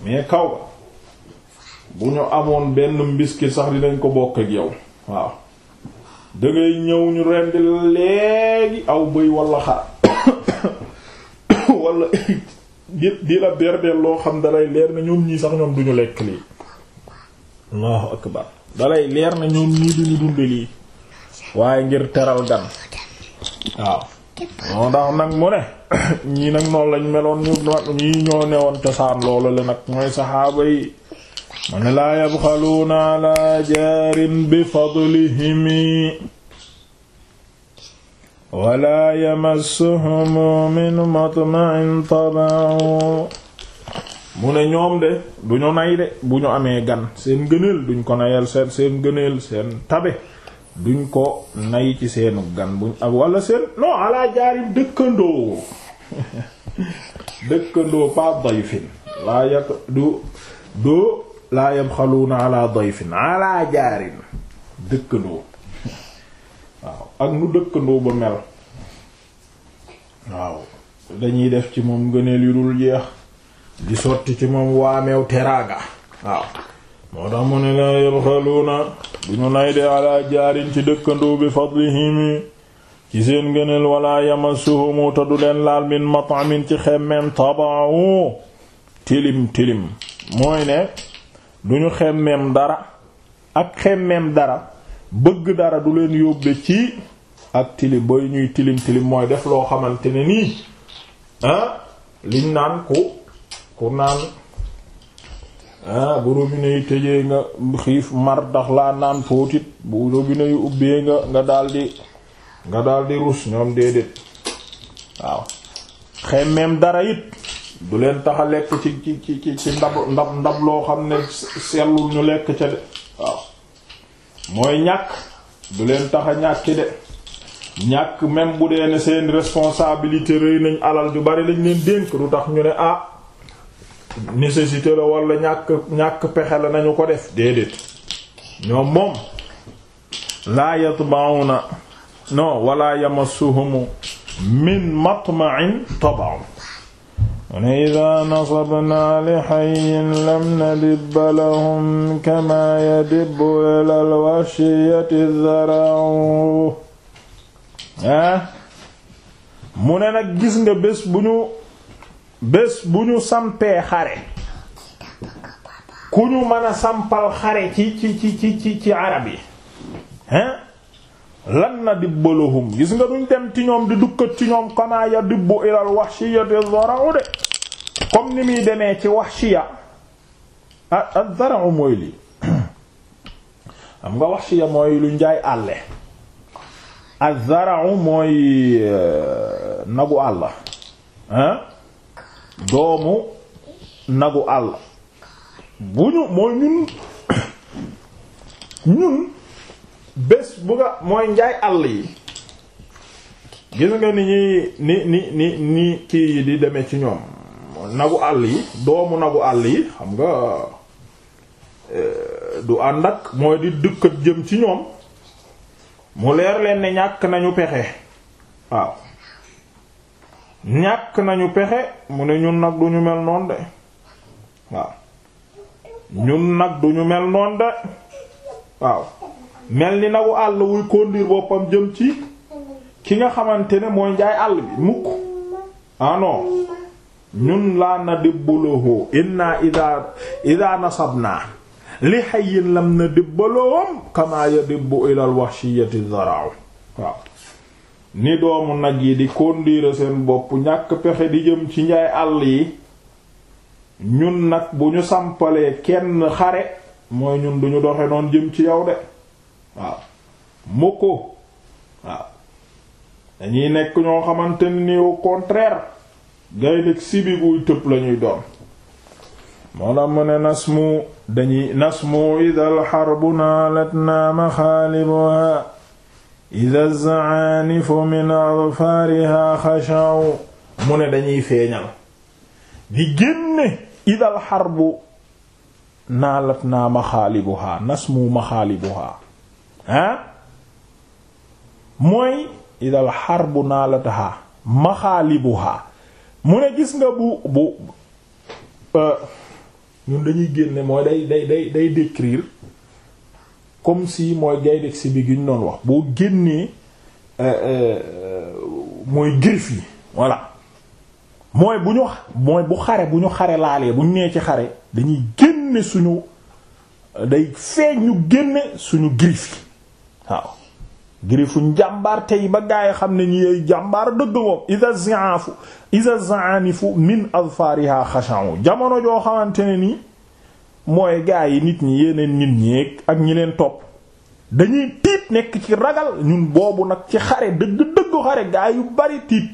mais kaw ba bu ñu amoon benn mbiskit sax dinañ ko bokk ak yow waaw dangay ñëw ñu rendi léegi aw bëy walla xar walla di di la berbeel loo xam dalay leer na ñoom ñii sax ñoom duñu lekk lii Allahu akbar dalay leer na ñoom ñii duñu dunde lii waaye ngir teral gan waaw moo tax nag mu ne ñii nag noonu lañ meloon ñii ñoo newoon cosaan loolu la nag mooy saxaaba yi mu ne laa yabxaluuna ala jaarin bi fadlihimi wala yamassuhum min matma'in taba'u mu ne ñoom de du ñu nay de bu ñu amee gan seen gëneel duñ ko nayal seen seen gëneel seen tabe duñ ko nay ci seenu gan buñ ak wala seen non alaa jaarim dëkkandoo dëkkandoo pa dayfin laa yat du doo laa yam xaluuna ala dayfin alaa jaarin dëkkandoo waaw ak nu dëkkandoo ba mel waaw dañuy def ci moom gëneel yu dul jeex di sotti ci moom waameew teraanga waaw moo tax mu ne la yabxaluuna du ñu nay de alaa jaarin ci dëkkandoo bi fadlihimi ci seen gënal wala yamassuhumu te du leen laal min mat'amin ci xemmem taba'u tilim tilim mooy ne du ñu xemmem dara ak xemmem dara bëgg dara du leen yóbbe ci ak tilim booy ñuy tilim tilim mooy def loo xamante ne nii ah, liñ naan ko pour naan ah bu robinet yi tëjee nga xiif mar ndax laa naan fóotit bu robinet yu ubbee nga nga daldi nga daldi rus ñoom déedéet waaw xemmeem dara it du leen tax a lekk ci ci ci ndab ndab ndab loo xam ne sellul ñu lekk ca de waaw mooy ñàkk du leen tax a ñàkki de ñàkk même bu dee ne seen responsabilité rëy nañ alal ju bari lañ leen dénk du tax ñu ne ah nécessité la wala ñàkk ñàkk pexe la nañu ko def déedéet ñoom moom laa yatba'una non wala yamassuhum min matma'in taba'un ne ida nasabna li xayin lam nadibba lahum kama yadibbu ila alwasiyati zara'u ah mu ne nag gis nga bés bu ñu bés bu ñu sampee xare ku ñu mën a sampal xare ci ci ci ci ci arab yi hein lan na dibbaluhum gis nga duñ dem ci ñoom di dukkat ci ñoom kamaa ilal wahshiyati zara'u de comme ni muy demee ci wahshiya ak ah, zara'u mooy lii xam nga wahshiya mooy lu njaay àlle ak zara'u mooy euh, nagu àll doomu nagu àll bu ñu mooy ñun ñun bés bu mooy njaay àll yi gis nga ni ñuy ni ni ni ni kii yi di deme ci ñoom nagu àll yi doomu nagu àll yi xam nga eh, du ànd ak mooy di dëkkat jëm ci ñoom mu leer leen ne ñàkk nañu pexe waaw ñàkk nañu pexe mu ne ñun nag duñu mel noon de waaw ñun nag duñu mel noon de waaw mel ni nagu àll wuy conduire boppam jëm ci ki nga xamante ne mooy njaay àll bi mukk ah ñun laa na dibbaloo inna ida ida nasabna li hayyin lam na dibbaloom kamaa yadibbu ilal wahshiyati dhara'u waaw ni doomu nag yi di kondiire seen bopp ñàkk pexe di jëm ci njaay àll yi ñun nag bu ñu sampalee kenn xare mooy ñun duñu doxe noon jëm ci yow de waaw mukk waaw dañuy nekk ñoo xamante ni au contraire gaynde sibi guy tëb lañuy doon moo tax mu ne nasmu dañuy nasmu idal xarbu naalat naa maxaalibuha ida zaanifu min adfaariha xashaw mu ne dañuy feeñal di génne idal xarbu naalat naa maxaalibuhaa nasmu maxaalibuhaa ah mooy idal xarbu naalatahaa maxaalibuhaa mu ne gis nga bu bu euh, ñun dañuy génne mooy day day day day décrire comme si mooy gaynde si bi gi ñu doon wax boo génnee euh, euh, mooy griff yi voilà mooy bu ñu bu xare bu ñu xare laalee bu ñu nee ci xare dañuy génne suñu day feeñ ñu génne suñu griff yi waaw griffu njàmbaar tey ba gaa yi xam ne ñu yoy jàmbaar dëgg moom isa zi'afu isa za'anifu min azfariha xasha'u jamono joo xamante ne nii mooy gaa yi nit ñi yeneen nit ñi ak ñi leen topp dañuy tiit nekk ci ragal ñun boobu nag ci xare dëgg-dëggu xare gaa yu bari tiit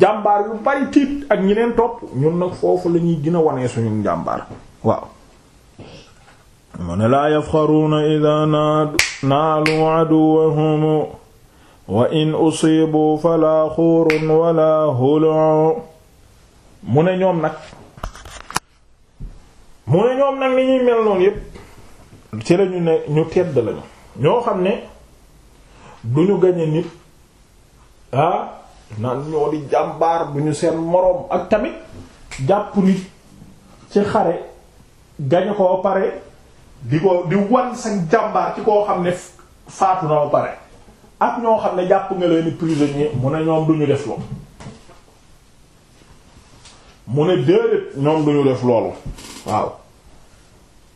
jàmbaar yu bari tiit ak ñi leen topp ñun nag foofu la ñuy gën a suñu jàmbaar waaw mu ne laa yafxaruuna ida naalu aduwahum wa in usibu fala xuurun wala hulu mu ne ñoom nag mu ne ñoom nag ni ñuy mel noonu yépp ci lañu ne ñu tedd lañu ñoo xam ne du ñu gañe nit ah naan ñoo di jàmbaar bu ñu seen moroom ak tamit jàpp nit ci xare gañe ko pare di ko di wan sa jàmbaar ci koo xam ne faatu na ba pare ak ñoo xam ne jàpp nga leen prisonnier mu ne ñoom du ñu def loolu mu ne déedéet ñoom duñu def loolu waaw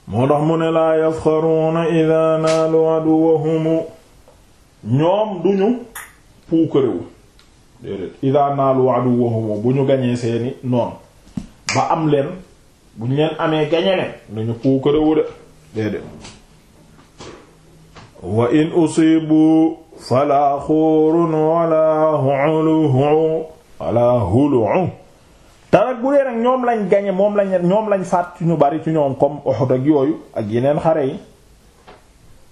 moo tax mu ne laa yafxaruuna ida naalu aduwahumu ñoom duñu puukarewu déedéet ida naalu aduwahumu bu ñu gañee seeni noonu ba am leen bu ñu leen amee gañe leen duñu puukarewu de déedéet wa in usibu falaa xuurun wala hulu hulu te nag bu dee nag ñoom lañ gañe moom lañ ñoom lañ faat ci ñu bari ci ñoom comme Uhud ak yooyu ak yeneen xare yi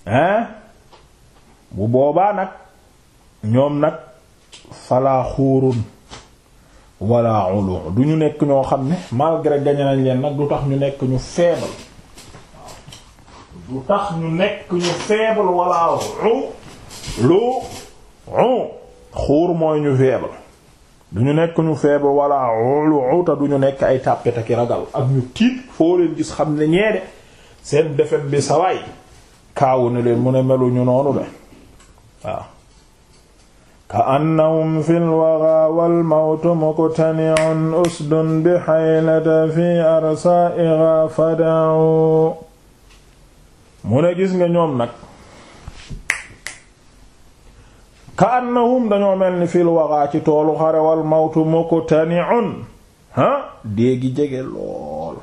hein bu boobaa nag ñoom nag falaa xuurun wala ulu du ñu nekk ñoo xam ne malgré gañe nañ leen nag du tax ñu nekk ñu faible du tax ñu nekk ñu faible wala lu lu xuur mooy ñu faible du ñu nekk ñu feebar wala olu te du ñu nekk ay tàppet ak ragal ak ñu tiit foo leen gis xam ne ñee seen defet bi sawaay kaawu ne leen mu ne meluñu noonu de waaw ka annahum fil waga wal mawtu muqtani'un usdun bi haylata fi arsa'iha fada'u mu ne gis nga ñoom nag ka annahum dañoo mel ni fil waxaa ci toolu xare wal mawtu muqtani'un ha dee gi jege lool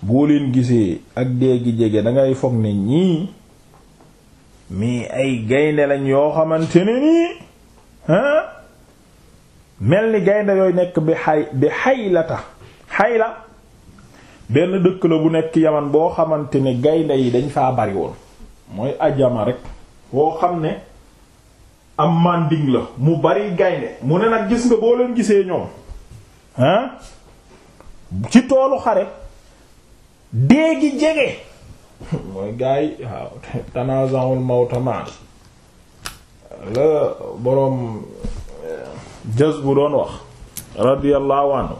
boo leen gisee ak dee jége jege dangay foog ne ñii mii ay gaynde lañ yoo xamante ne nii ha mel ni gaynde yooy nekk bi xay bi xaylata xayla benn dëkk la bu nekk yaman boo xamante ne gaynde yi dañ faa bari woon mooy ajama rek woo xam ne am manding la mu bari gaynde mu ne nag gis nga boo leen gisee ñoom ah ci toolu xare dee gi jege mooy gars waaw tanaza'ul mawtama la boroom eh, jës bu doon wax radiyallahu anhu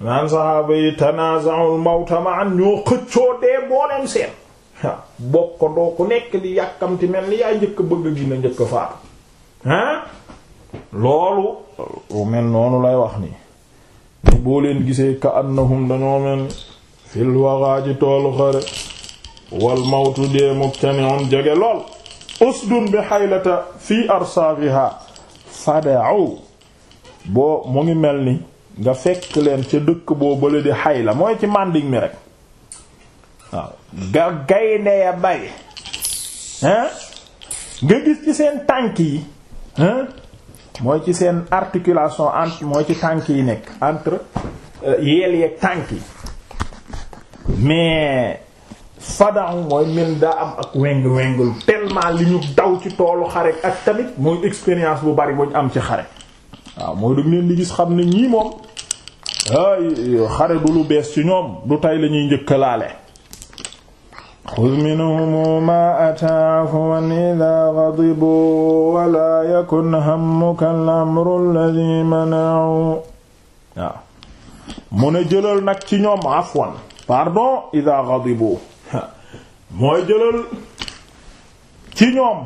naan saxaaba yi tanaza'ul mawtama an ñoo xëccoo dee booleem seen bokk doo ku nekk di yàkkamti mel ni yaa njëkk bëgg gi na njëkk faatu hein loolu lu mel noonu lay wax ni ni boo leen gisee ka annahum dañoo mel ni fil waxaa ci toolu xare wal mawtu dee muktani'un jege lool usdun bi xaylata fii arsafiha fada'u boo mu ngi mel ni nga fekk leen ca dëkk boo bële di xayla mooy ci màndiŋ mi rek waaw ga gaynde ya bay nga gis ci seen tànk yi mooy ci seen articulation entre mooy ci tànk yi nekk entre euh, yeel yeeg tànk yi mais fadam mooy mel daa am ak weng-wengul tellement li ñu daw ci toolu xare ak tamit mooy expérience bu bari bu am ci xare waaw mooy dañ leen di gis xam ne ñii moom ay xare du lu bees ci ñoom du tey la ñuy njëkkalaale xuz minhumu maa ataa afwan idaa gadibuu walaa yakun hammuka al mu ne jëlal nag ci ñoom afwan pardon idaa gadibuu mooy jëlal ci ñoom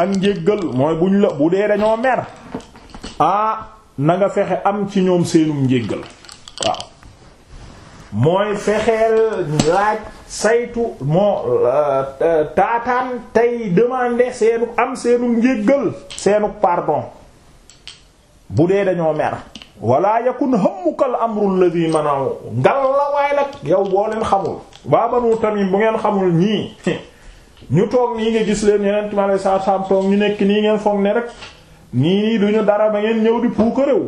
ak njéggal mooy buñ la bu dee dañoo mer ah fexe am ci ñoom seenum njéggal mooy fexeel laaj saytu moo euh, euh, taataan tey demander seenu am seenu njéggal seenu pardon bu dee dañoo mer wala yakun hammuka al-amru alladhi manaw ngal la waay nag yow boo leen xamul waa Banu bu ngeen xamul ñii ñu toog nii nga gis leen yeneen mi alei saatu salaam ñu nekk nii ngeen foog ne rek nii nii duñu dara ba ngeen ñëw di puukaréew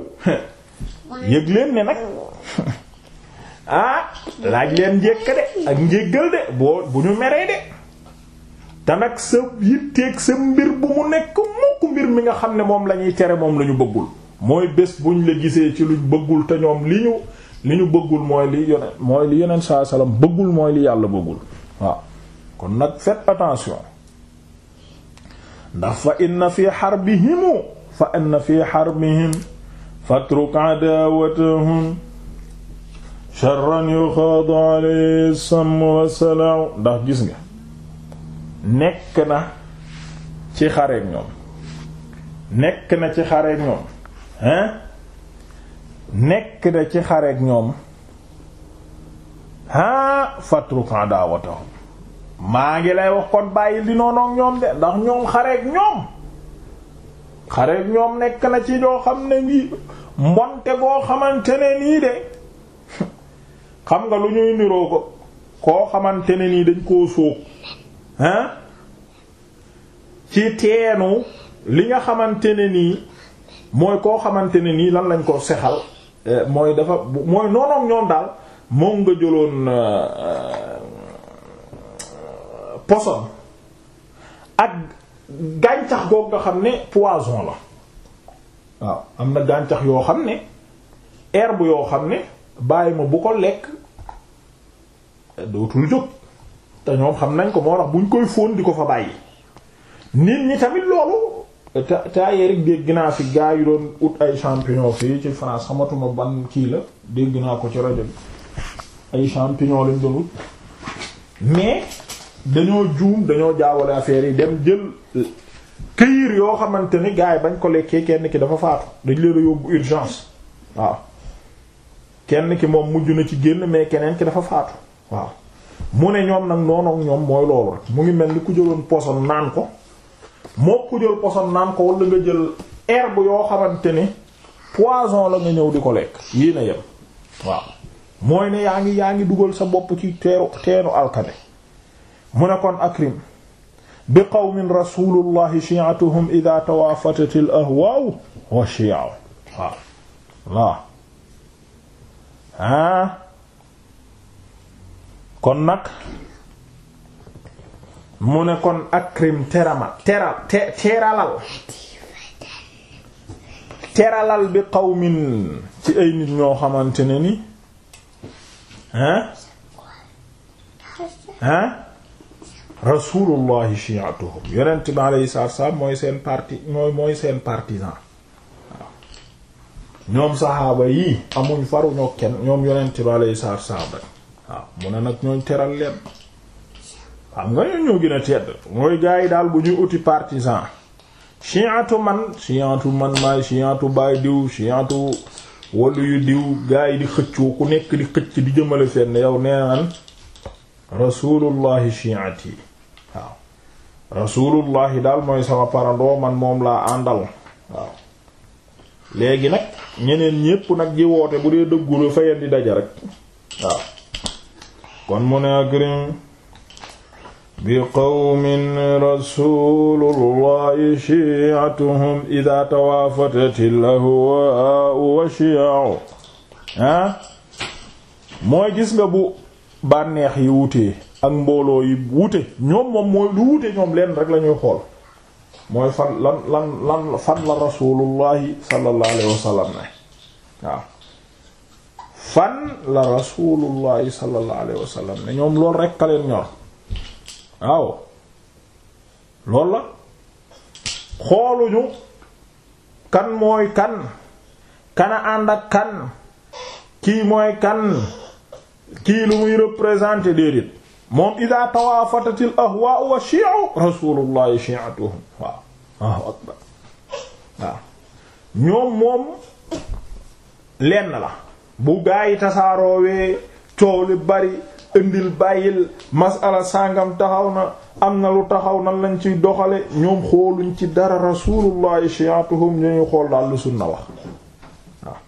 yëg leen ne nag ah laaj leen njëkk de ak njéggal de boo bu ñu meree de te nag sa yitteeg sa mbir bu mu nekk mukk mbir mi nga xam ne moom lañuy ñuy tere moom lañu bëggul mooy bés buñ la gisee ci lu bëggul te ñoom li ñu li ñu bëggul mooy li yoneen mooy li yoneen saa salaam bëggul mooy li yàlla bëggul waaw kon nag faites attention ndax fa inna fi xarbihim fa inna fi xarbihim fatruk adawatahum charran yuxaadu alayhi samm wasalaaw ndax gis nga nekk na ci xareek ñoom nekk na ci xareek ñoom hein nekk na ci xareek ñoom haa fatruk adaawatahu maa ngi lay wax kon bàyyi di noonoog ñoom de ndax ñoom xareek ñoom xareek ñoom nekk na ci ñoo xam ne ngi mbonte boo xamante ne nii de xam nga lu ñuy niroo ko koo xamante ne nii dañ koo sóog hein ci teenu li nga xamante ne nii mooy koo xamante ne nii lan lañ ko sexal eh, mooy dafa mooy noonoom ñoom daal moom nga jëloon euh, euh, poson ak gàncax googu nga xam ne poison la waaw am na gàncax yoo xam ne herb yoo xam ne bàyyi ma bu ko lekk dootul jóg te ñoom xam nañ ko moo tax buñ koy fóon di ko fa bàyyi nit ñi tamit loolu te taayee rek dégg naa fi gaa yu doon ut ay champignon fii ci France xamatuma ban kii la dégg naa ko ci rajo bi ay champignon lañ doon ut mais dañoo juum dañoo jaawale affaire yi dem jël këyir euh, yoo xamante ni gaa yi bañ ko lekkee kenn ki dafa faatu dañ leen a yóbbu urgence waaw kenn ki moom mujj na ci génn mais keneen ki dafa faatu waaw mu ne ñoom nag noonu ñoom mooy loolu rek mu ngi mel ni ku jëloon poison naan ko moo ku jël poison naan ko wala nga jël herbe yoo xamante ne poison la nga ñëw di ko lekk yii na yem waaw mooy ne yaa ngi yaa ngi dugal sa bopp ci teeru teenu alkane mu ne kon akrim bi qawmin rasulullahi shi'atuhum idha tawafatat al ahwa'u wa shi'a'u waaw waaw ah kon nag mu ne kon akrim terama teral te teralal teralal bi qawmin ci ay nit ñoo xamante ne ni hein hein rasulullahi shi'atuhum yonent bi alayhi salaatu wassalaam mooy seen parti mooy mooy seen partisan waaw ñoom saxaaba yi amuñ faruñoo kenn ñoom yonent bi alayhi salaatu wassalaam waaw ah, mu ne nag ñooñ teral leen xam nga ñoo ñoo gën a tedd mooy gars yi daal bu ñuy uti partisan chiatu man chiatu man maay chiatu baay diw chiatu walu yu diw gars yi di xëccoo ku nekk di xëcc di jëmale fenn yow nee naan rasulullahi chiati waaw rasulullahi daal mooy sama parandoo man moom laa àndal waaw léegi nag ñeneen ñépp nag ji woote bu dee dëggul fa di daja rek waaw kon mu ne akrim bi qawmin rasulullahi shi'atuhum idha tawaafatatil ahwaa'u wa shiya'u ah mooy gis nga bu bànneex yi wutee ak mbooloo yi wute ñoom moom mooy lu wute ñoom leen rek la ñuy xool mooy fan lan lan lan fan la rasulullahi sallallahu alayhi waaw fan la rasulullahi sallallahu alayhi wasallam ne ñoom loolu rekk leen ñor waaw loolu la xooluñu kan mooy kan kana ànd ak kan kii mooy kan kii lu muy représenter déedéet moom ida tawaafatatil ahwaau wa shi'u rasulullahi shi'atuhum waaw ñoom moom lenn la bu gaa yi tasaaroowee coow li bari indil bàyyil masala sàngam taxaw na am na lu taxaw na lañ ciy doxale ñoom xooluñ ci dara rasulullahi shiatuhum ñu xool daal lu sunna wax waaw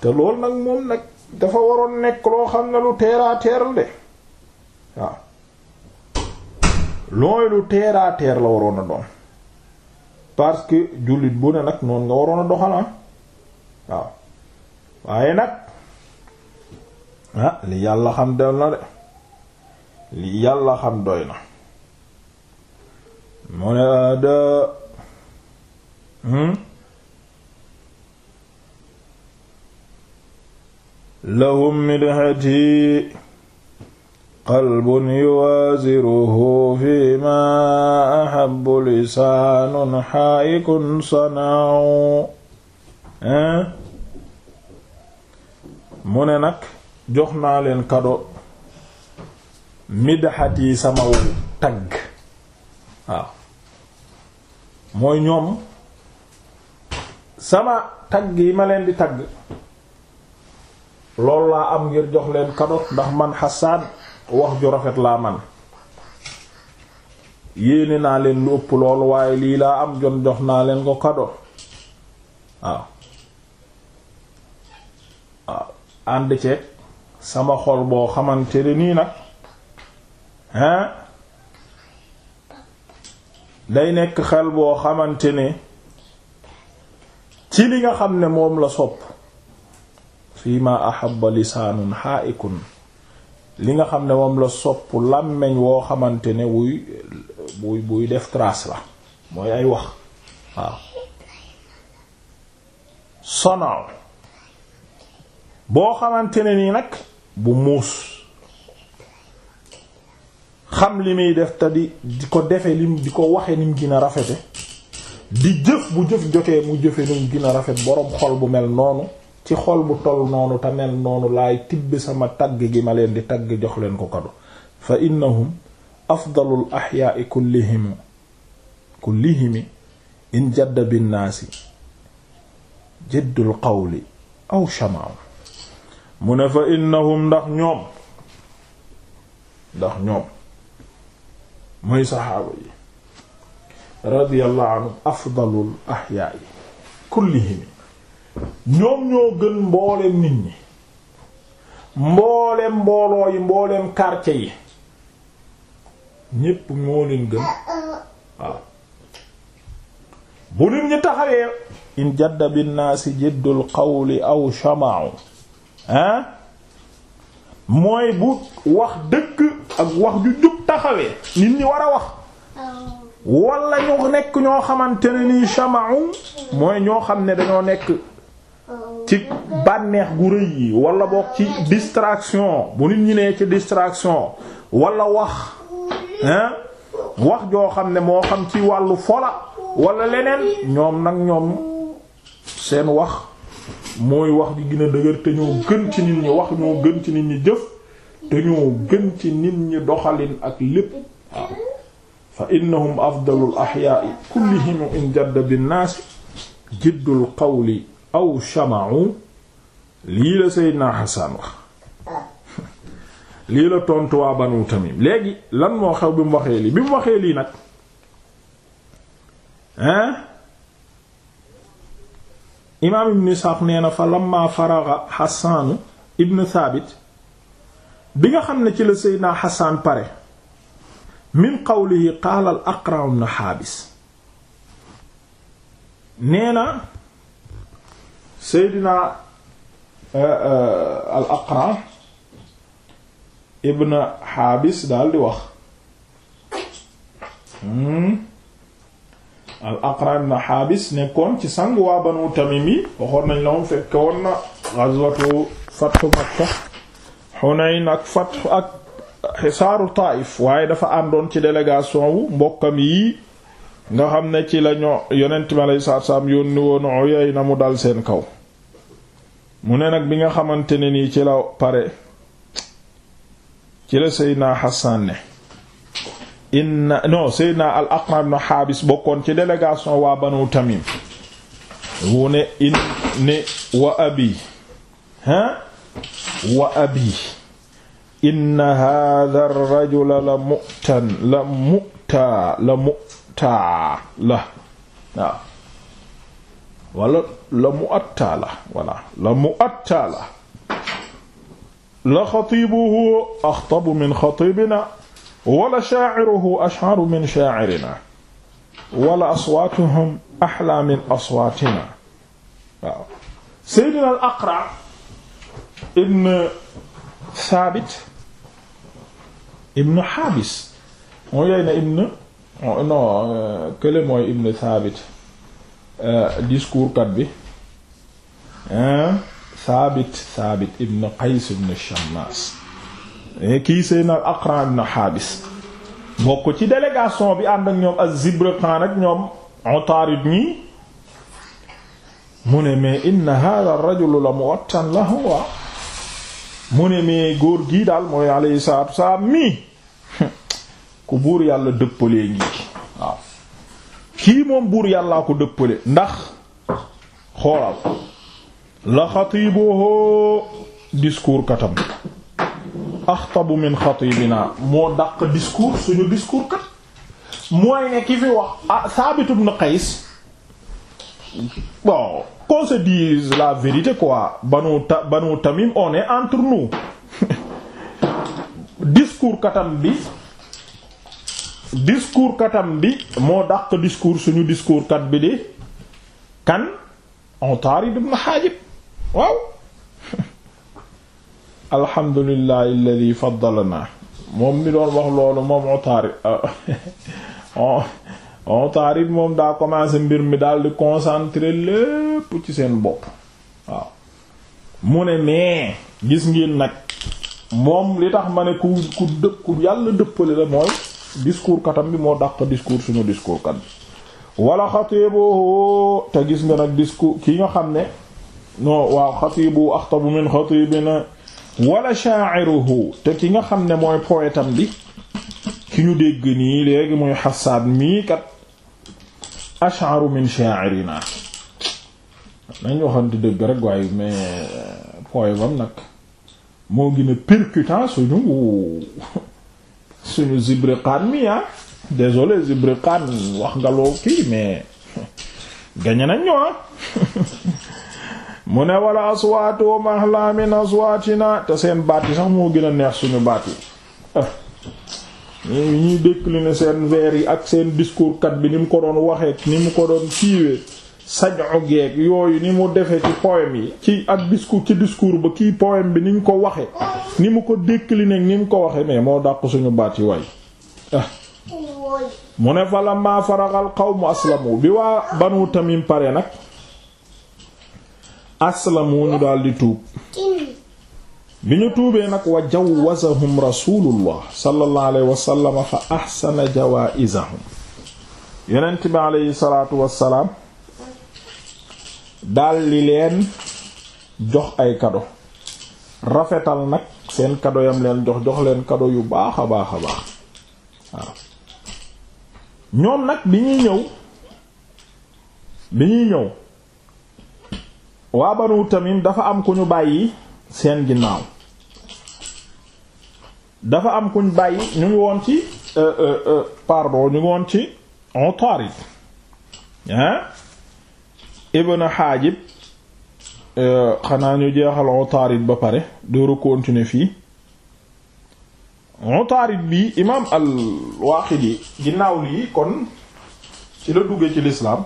te loolu nag moom nag dafa waroon nekk loo xam ne lu teeraa teeral de waaw looy lu teeraa teer la waroon a doon parce que jullit bu ne nag noonu nga waroon a doxal ah. waaw waaye nag ah li yàlla xam doy mu ne ada ah, hmm? lahum midhati qalbun yuwaziruhu fi ma ahabbu lisaanun haayikun sanaaw eh? mu ne nag jox naa leen kado middaxat yi sama tagg waaw mooy ñoom sama tagg yi ma leen di tagg loolu laa am ngir jox leen kado ndax man xasaan wax ju rafet laa man yéene naa leen lu ëpp loolu waaye lii laa am jon jox naa leen ko kado waaw waaw ànd ceeg sama xol boo xamante ne nii nag hein day nekk xel boo xamante ne ci li nga xam ne moom la sopp fii ma ahabba lisaanun ha'ikun li nga xam ne moom la sopp làmmeñ woo xamante ne wuy buy buy def trace la mooy ay wax waaw sonal boo xamante ne nii nag bu muus xam li muy def te di di ko defe lim di ko waxe nim gën a rafete di jëf bu jëf jotee mu jëfe nim gën a rafet boroom xol bu mel noonu ci xol bu toll noonu te mel noonu laay tibb sama tagg gi ma leen di tagg jox leen ko kado fa innahum afdalul axyaai kullihim kullihimi in jadda binnaasi jiddul qawli aw chamaaw mu ne fa innahum ndax ñoom ndax ñoom mooy saxaaba yi radiyallahu anhum afdalul ahyaa yi kullihim ñoom ñoo gën mbooleem nit ñi mbooleem mbooloo yi mbooleem quartier yi ñépp moo leen gën bu nit ñi taxawee in jadda binnaasi jiddul qawli aw shama'u mooy bu wax dëkk ak wax ju jub taxawee nit ñi war a wax wala ñu nekk ñoo xamante ne ni chamau mooy ñoo xam ne dañoo nekk ci bànneex gu rëy yi wala boog ci distraction bu nit ñi nee ci distraction wala wax ah wax joo xam ne moo xam ci wàllu fola wala leneen ñoom nag ñoom seen wax mooy wax gi gën a dëgër te ñoo gën ci nit ñi wax ñoo gën ci nit ñi jëf te ñoo gën ci nit ñi doxalin ak lépp waaw fa innahum afdalul axyaai kullihim in jadda binnaas jiddul qawli aw shama'u lii la Seydina Hassan wax lii la tontu waa Banu Tamim léegi lan moo xew bi mu waxee lii bi mu waxee lii nag hein imaam ibn Isxaaq nee fa lamma faraga Xassaanu ibn Thabit bi nga xam ne ci la Seydina Xassaan pare min qawlihi qaala al Aqra' ibn Haabis nee na eh, eh, al Aqra' ibn Haabis daal di wax hmm? al Aqra ibn Haabis nekkoon ci sang waa Banu Tamim yi waxoon la moom fekke woon na ghazwatu fathu Makka Hunayn ak fathu ak xisaaru Taif waaye dafa àndoon ci délégation wu mbokkam yi nga xam ne ci la ñoo yonent mi alayhi salaatu salaam yónni woon Uyayna mu dal seen kaw mu ne nag bi nga xamante ne nii ci la pare ci la Seydina Hassan ne inna non seydna al aqra ibn xaabis bokkoon ci délégation waa banu tamim wu ne in ne wa abi ha wa abi inna hadha ar-rajula la mu'tan la mu'ta la mu'ta la waaw wala la mu'atta la wala la mu'atta la la xatibuhu axtabu min xatibina wala shaa'iruhu ash'aru min shaa'irina wala aswaatuhum axlaa min aswaatina waaw seydina al aqra ibn thabit ibn xaabis moo yoy na ibn oh, non euh, kële mooy ibn thabit euh, discours kat bi thabit thabit ibn qays ibn shammas Eh, kii Seydina Aqra ibn Haabis bokk ci délégation bi ànd ak ñoom Az-Zibriqaan ak ñoom Utaarid ñii mu ne mais inna hadha ar-rajulu la mu'attan lahu wa mu ne mais góor gii daal mooy alayhi salaatu wasalaam mii ku buur yàlla dëppalee ngi waaw kii moom buur yàllaa ko dëppale ndax xoolal la xatiibuhu discours katam axtabu min xatibina moo dàq discours suñu discours kat mooy ne fi wax ah Saabit ibn Qays bon qu'on la vérité quoi banu ta banu Tamim on est entre nous discours katam bi discours katam bi moo dàq discours suñu discours kat bi di kan Utarid ibn Hajib waaw alhamdulillahi alladi faddalana moom mi doon wax loolu moom utaarid ah, utaarid oh, moom daa commencé mbir mi daal di concentré lépp ci seen bopp waaw mu ne mais gis ngeen nag moom li tax ma ne ku ku dëpp ku yàlla dëppale la mooy discours katam bi moo dàq discours suñu discours kat bi wala xatiibu te gis nga nag discours ki nga xam ne non waaw xatiibu axtabu min xatibina wala sha'iruhu te ki nga xam ne mooy poète bi ki ñu dégg nii léegi muy xasaan mii kat ash'aru min sha'irina nañ waxante dëgg rek waaye mais euh, poème am nag moo gën a percutant suñu suñu Zibriqaan mi ah désolé Zibriqaan wax nga loo kii mais gañe nañ ñoo mu ne wala aswaatuhum ahlaa min aswaatina te seen baat yi sax moo gën a neex suñu baat yi ah. ñi ñuy décliner seen vers yi ak seen discours kat bi ni mu ko doon waxee ni mu ko doon kiiwee sañu geeg yooyu ni mu defe ci poème yi ci ak discours ci diskuur ba kii poème bi ni ñu ko waxee ni mu ko décliner ni mu ko waxee mais moo dàq suñu baat yi waay ah. mu ne fa lamma faraxal qawmu aslamu bi waa banu tamim pare nag aslamu ñu daal tuub bi ñu tuubee nag wa jawwazahum rasulullah sallallahu alayhi wa sallam fa ahsana jawaizahum yonent bi alayhi salaatu wassalaam daldi leen jox ay kado rafetal nag seen kado yam leen jox jox leen kado yu baax a baax a baax waaw ñoom nag bi ñuy ñëw bi ñuy ñëw waa banu tamim dafa am ku ñu bàyyi seen ginnaaw dafa am ku ñu bàyyi ñu ngi woon ci euh, euh, euh, pardon ñu ngi woon ci Utarid hein ibn Haajib xanaa ñu jeexal Utarid ba pare dooru continuer fii Utarid bii imaam al-Waaqidi ginnaaw lii kon ci la duggee ci l'islam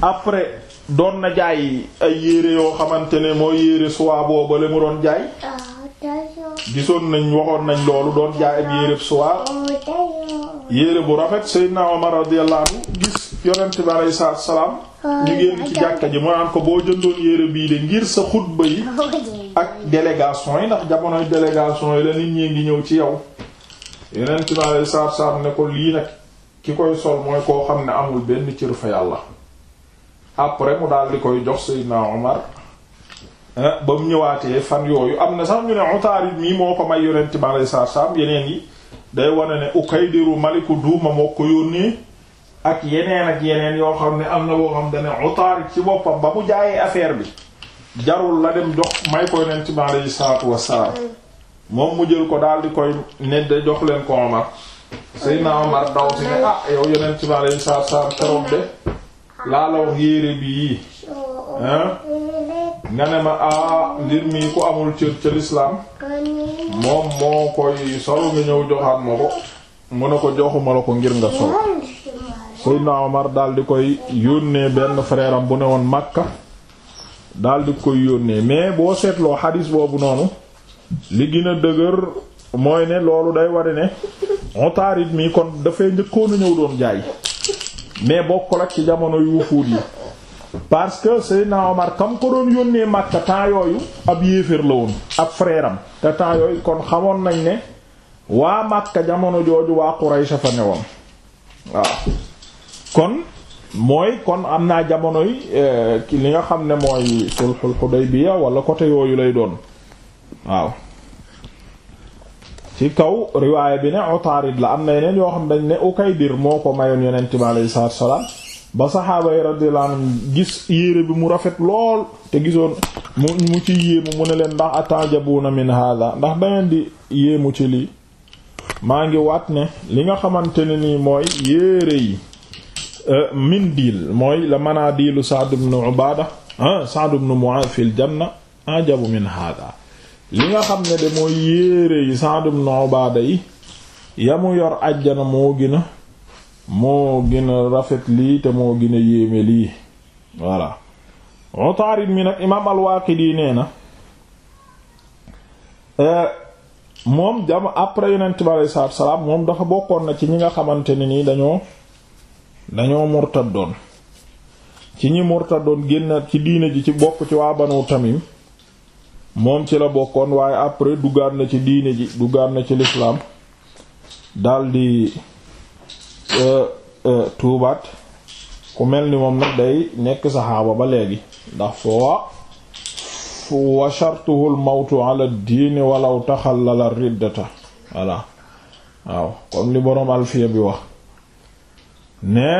après doon na jaay ay yére yoo xamante ne mooy yére soie boobu la mu doon jaay gisoon nañ waxoon nañ loolu doon jaay ak yére soie yére bu rafet Seydina Omar radiyallahu anhu gis yonent bi alayhi salaatu salaam ñu génn ci jàkka ji mu naan ko boo jëndoon yére bii de ngir sa xutba yi ak délégation yi ndax jamonoy délégation yi la nit ñi ngi ñëw ci yow yonent bi alayhi salaatu salaam ne ko lii nag ki koy sol mooy koo xam ne amul benn cër fa yàlla après mu daal di koy jox Seydina Omar ba mu ñëwaatee fan yooyu am na sax ñu ne Utaarid mii moo ko may yonent bi alayhi salaatu salaam yeneen yi day wane ne Ukaydiru yeneen yoo xam ne am na boo ci boppam ba mu jaayee affaire bi jarul la dem jox may ko yonent bi alayhi salaatu ko daal di koy leen ko Omar Seydina Omar daw si ne ah yow yonent bi alayhi salaatu salaam keroog laa la wax nga ne ma a ah, mbir mi ku amul ci ca lislaam moom moo koy sol nga ñëw joxaat ma ko mu ne ko joxuma la ko ngir nga sol Seydina Omar daal di koy yónnee benn frère bu ne woon Makka daal di koy yónnee mais boo seetloo xadis boobu noonu li gën a dëgër mooy ne loolu day wari ne Utaarid mi kon dafay njëkkoon ñëw doon jaay mais bokkul ak ci jamono yuufuut yi parce que Seydina Omar kam ko doon yónnee Makka temps yooyu ab yéeféer la woon ab frère te temps yooyu kon xamoon nañ ne waa Makka jamono jooju waa Quraysh fa ne woon waaw kon mooy kon am naa jamono yi eh, li nga xam ne mooy sulhul Hudaybiya wala côté yooyu lay doon waaw ci kaw riwaaya bi ne utaarid la am na yeneen yoo xam dañ ne ukaydir moo ko mayoon yonent bi alayhi salaatu salaam ba saxaaba yi radiyallahu gis yére bi mu rafet lool te gisoon mu mu ci yéemu mu ne leen ndax atajabuna min hada ndax dangeen di yéemu ci lii maa ngi waat ne li nga xamante ne nii mooy yére yi euh, min diil mooy la mën a diilu Sa'd ibn Ubaada ah, Sa'd ibn Mu'aaz fil janna ajabu min hada li nga xam ne de mooy yéere yi Sa'd ibn Ubaada yi yamu yor àjjana moo gën moo gën rafet lii te moo gën yéeme lii voilà Utaarid mi nag imaam al-Waaqidi nee na euh, moom jam après yonent bi aleyhi salaatu salaam moom dafa bokkoon na ci ñi nga xamante ni nii dañoo dañoo murtad doon ci ñi murtad doon génn ci diine ji ci bokk ci waa Banu Tamim moom ci la bokkoon waaye après duggaat na ci diine ji duggaat na ci lislaam daldi euh, euh, tuubaat ku mel ni moom nag day nekk saxaaba ba léegi ndax foo wa shartuhu al mawtu ala diini walaw taxallala riddata voilà waaw comme li boroom alfiya bi wax ne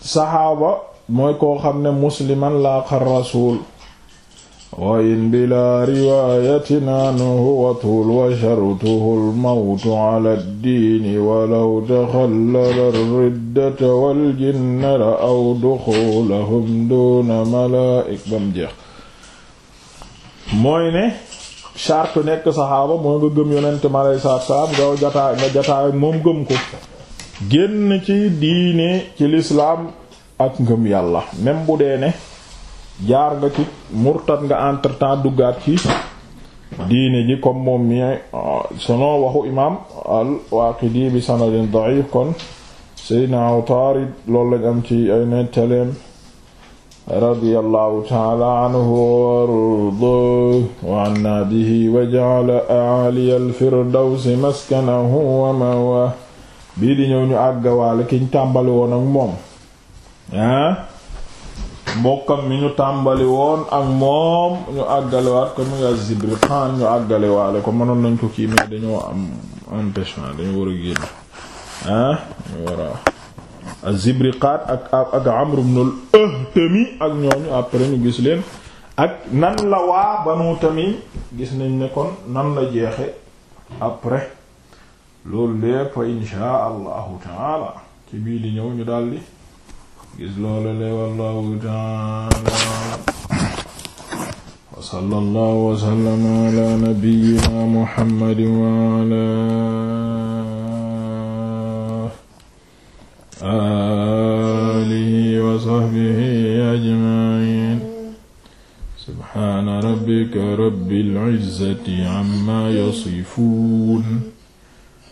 saxaaba mooy koo xam ne musliman laaqa rasul wa in bila riwayatin anhu watul wa sharutuhu almawtu ala ddiini walaw taxallala riddata waljinna la aw duxulahum duna malaik bam jeex mooy ne charte nekk saxaaba mooy nga gëm yonente mi salaam nga jataay nga jataay moom gëm ko génn ci diine ci lislaam ak ngëm yàlla même bu dee ne jaar nga ci murtad nga entre temps duggaat ci diine ji comme mi ah, selon waxu imaam al-Waaqidi bi sanadin da'if kon Seydina Utaarid loolu lañ am ci ay nettaleem radiyallahu ta'ala anhu warda wa anna bihi wa ja'ala a'aliya kiñ tàmbali woon moom ah mbokkam mi ñu tàmbali woon ak moom ñu àggalewaat ko mu nga Zibri Xaan ñu àggalewaale ko mënoon nañ ko kii mais dañoo am empêchement dañu war a génn ah voilà az-Zibriqaat ak ak Amr ibn al ak ñooñu après ñu gis leen ak nan la waa Banu Tamim gis nañ ne kon nan la jeexe après loolu lépp insha allahu taala ci bii di ñëw ñu daldi gis loolu le wallahu ta'ala wa sallallahu wa sallama ala nabiyyina muhammadin wa ala alihi wa sahbihi ajma'in subhana rabbika rabbil izzati amma yasifun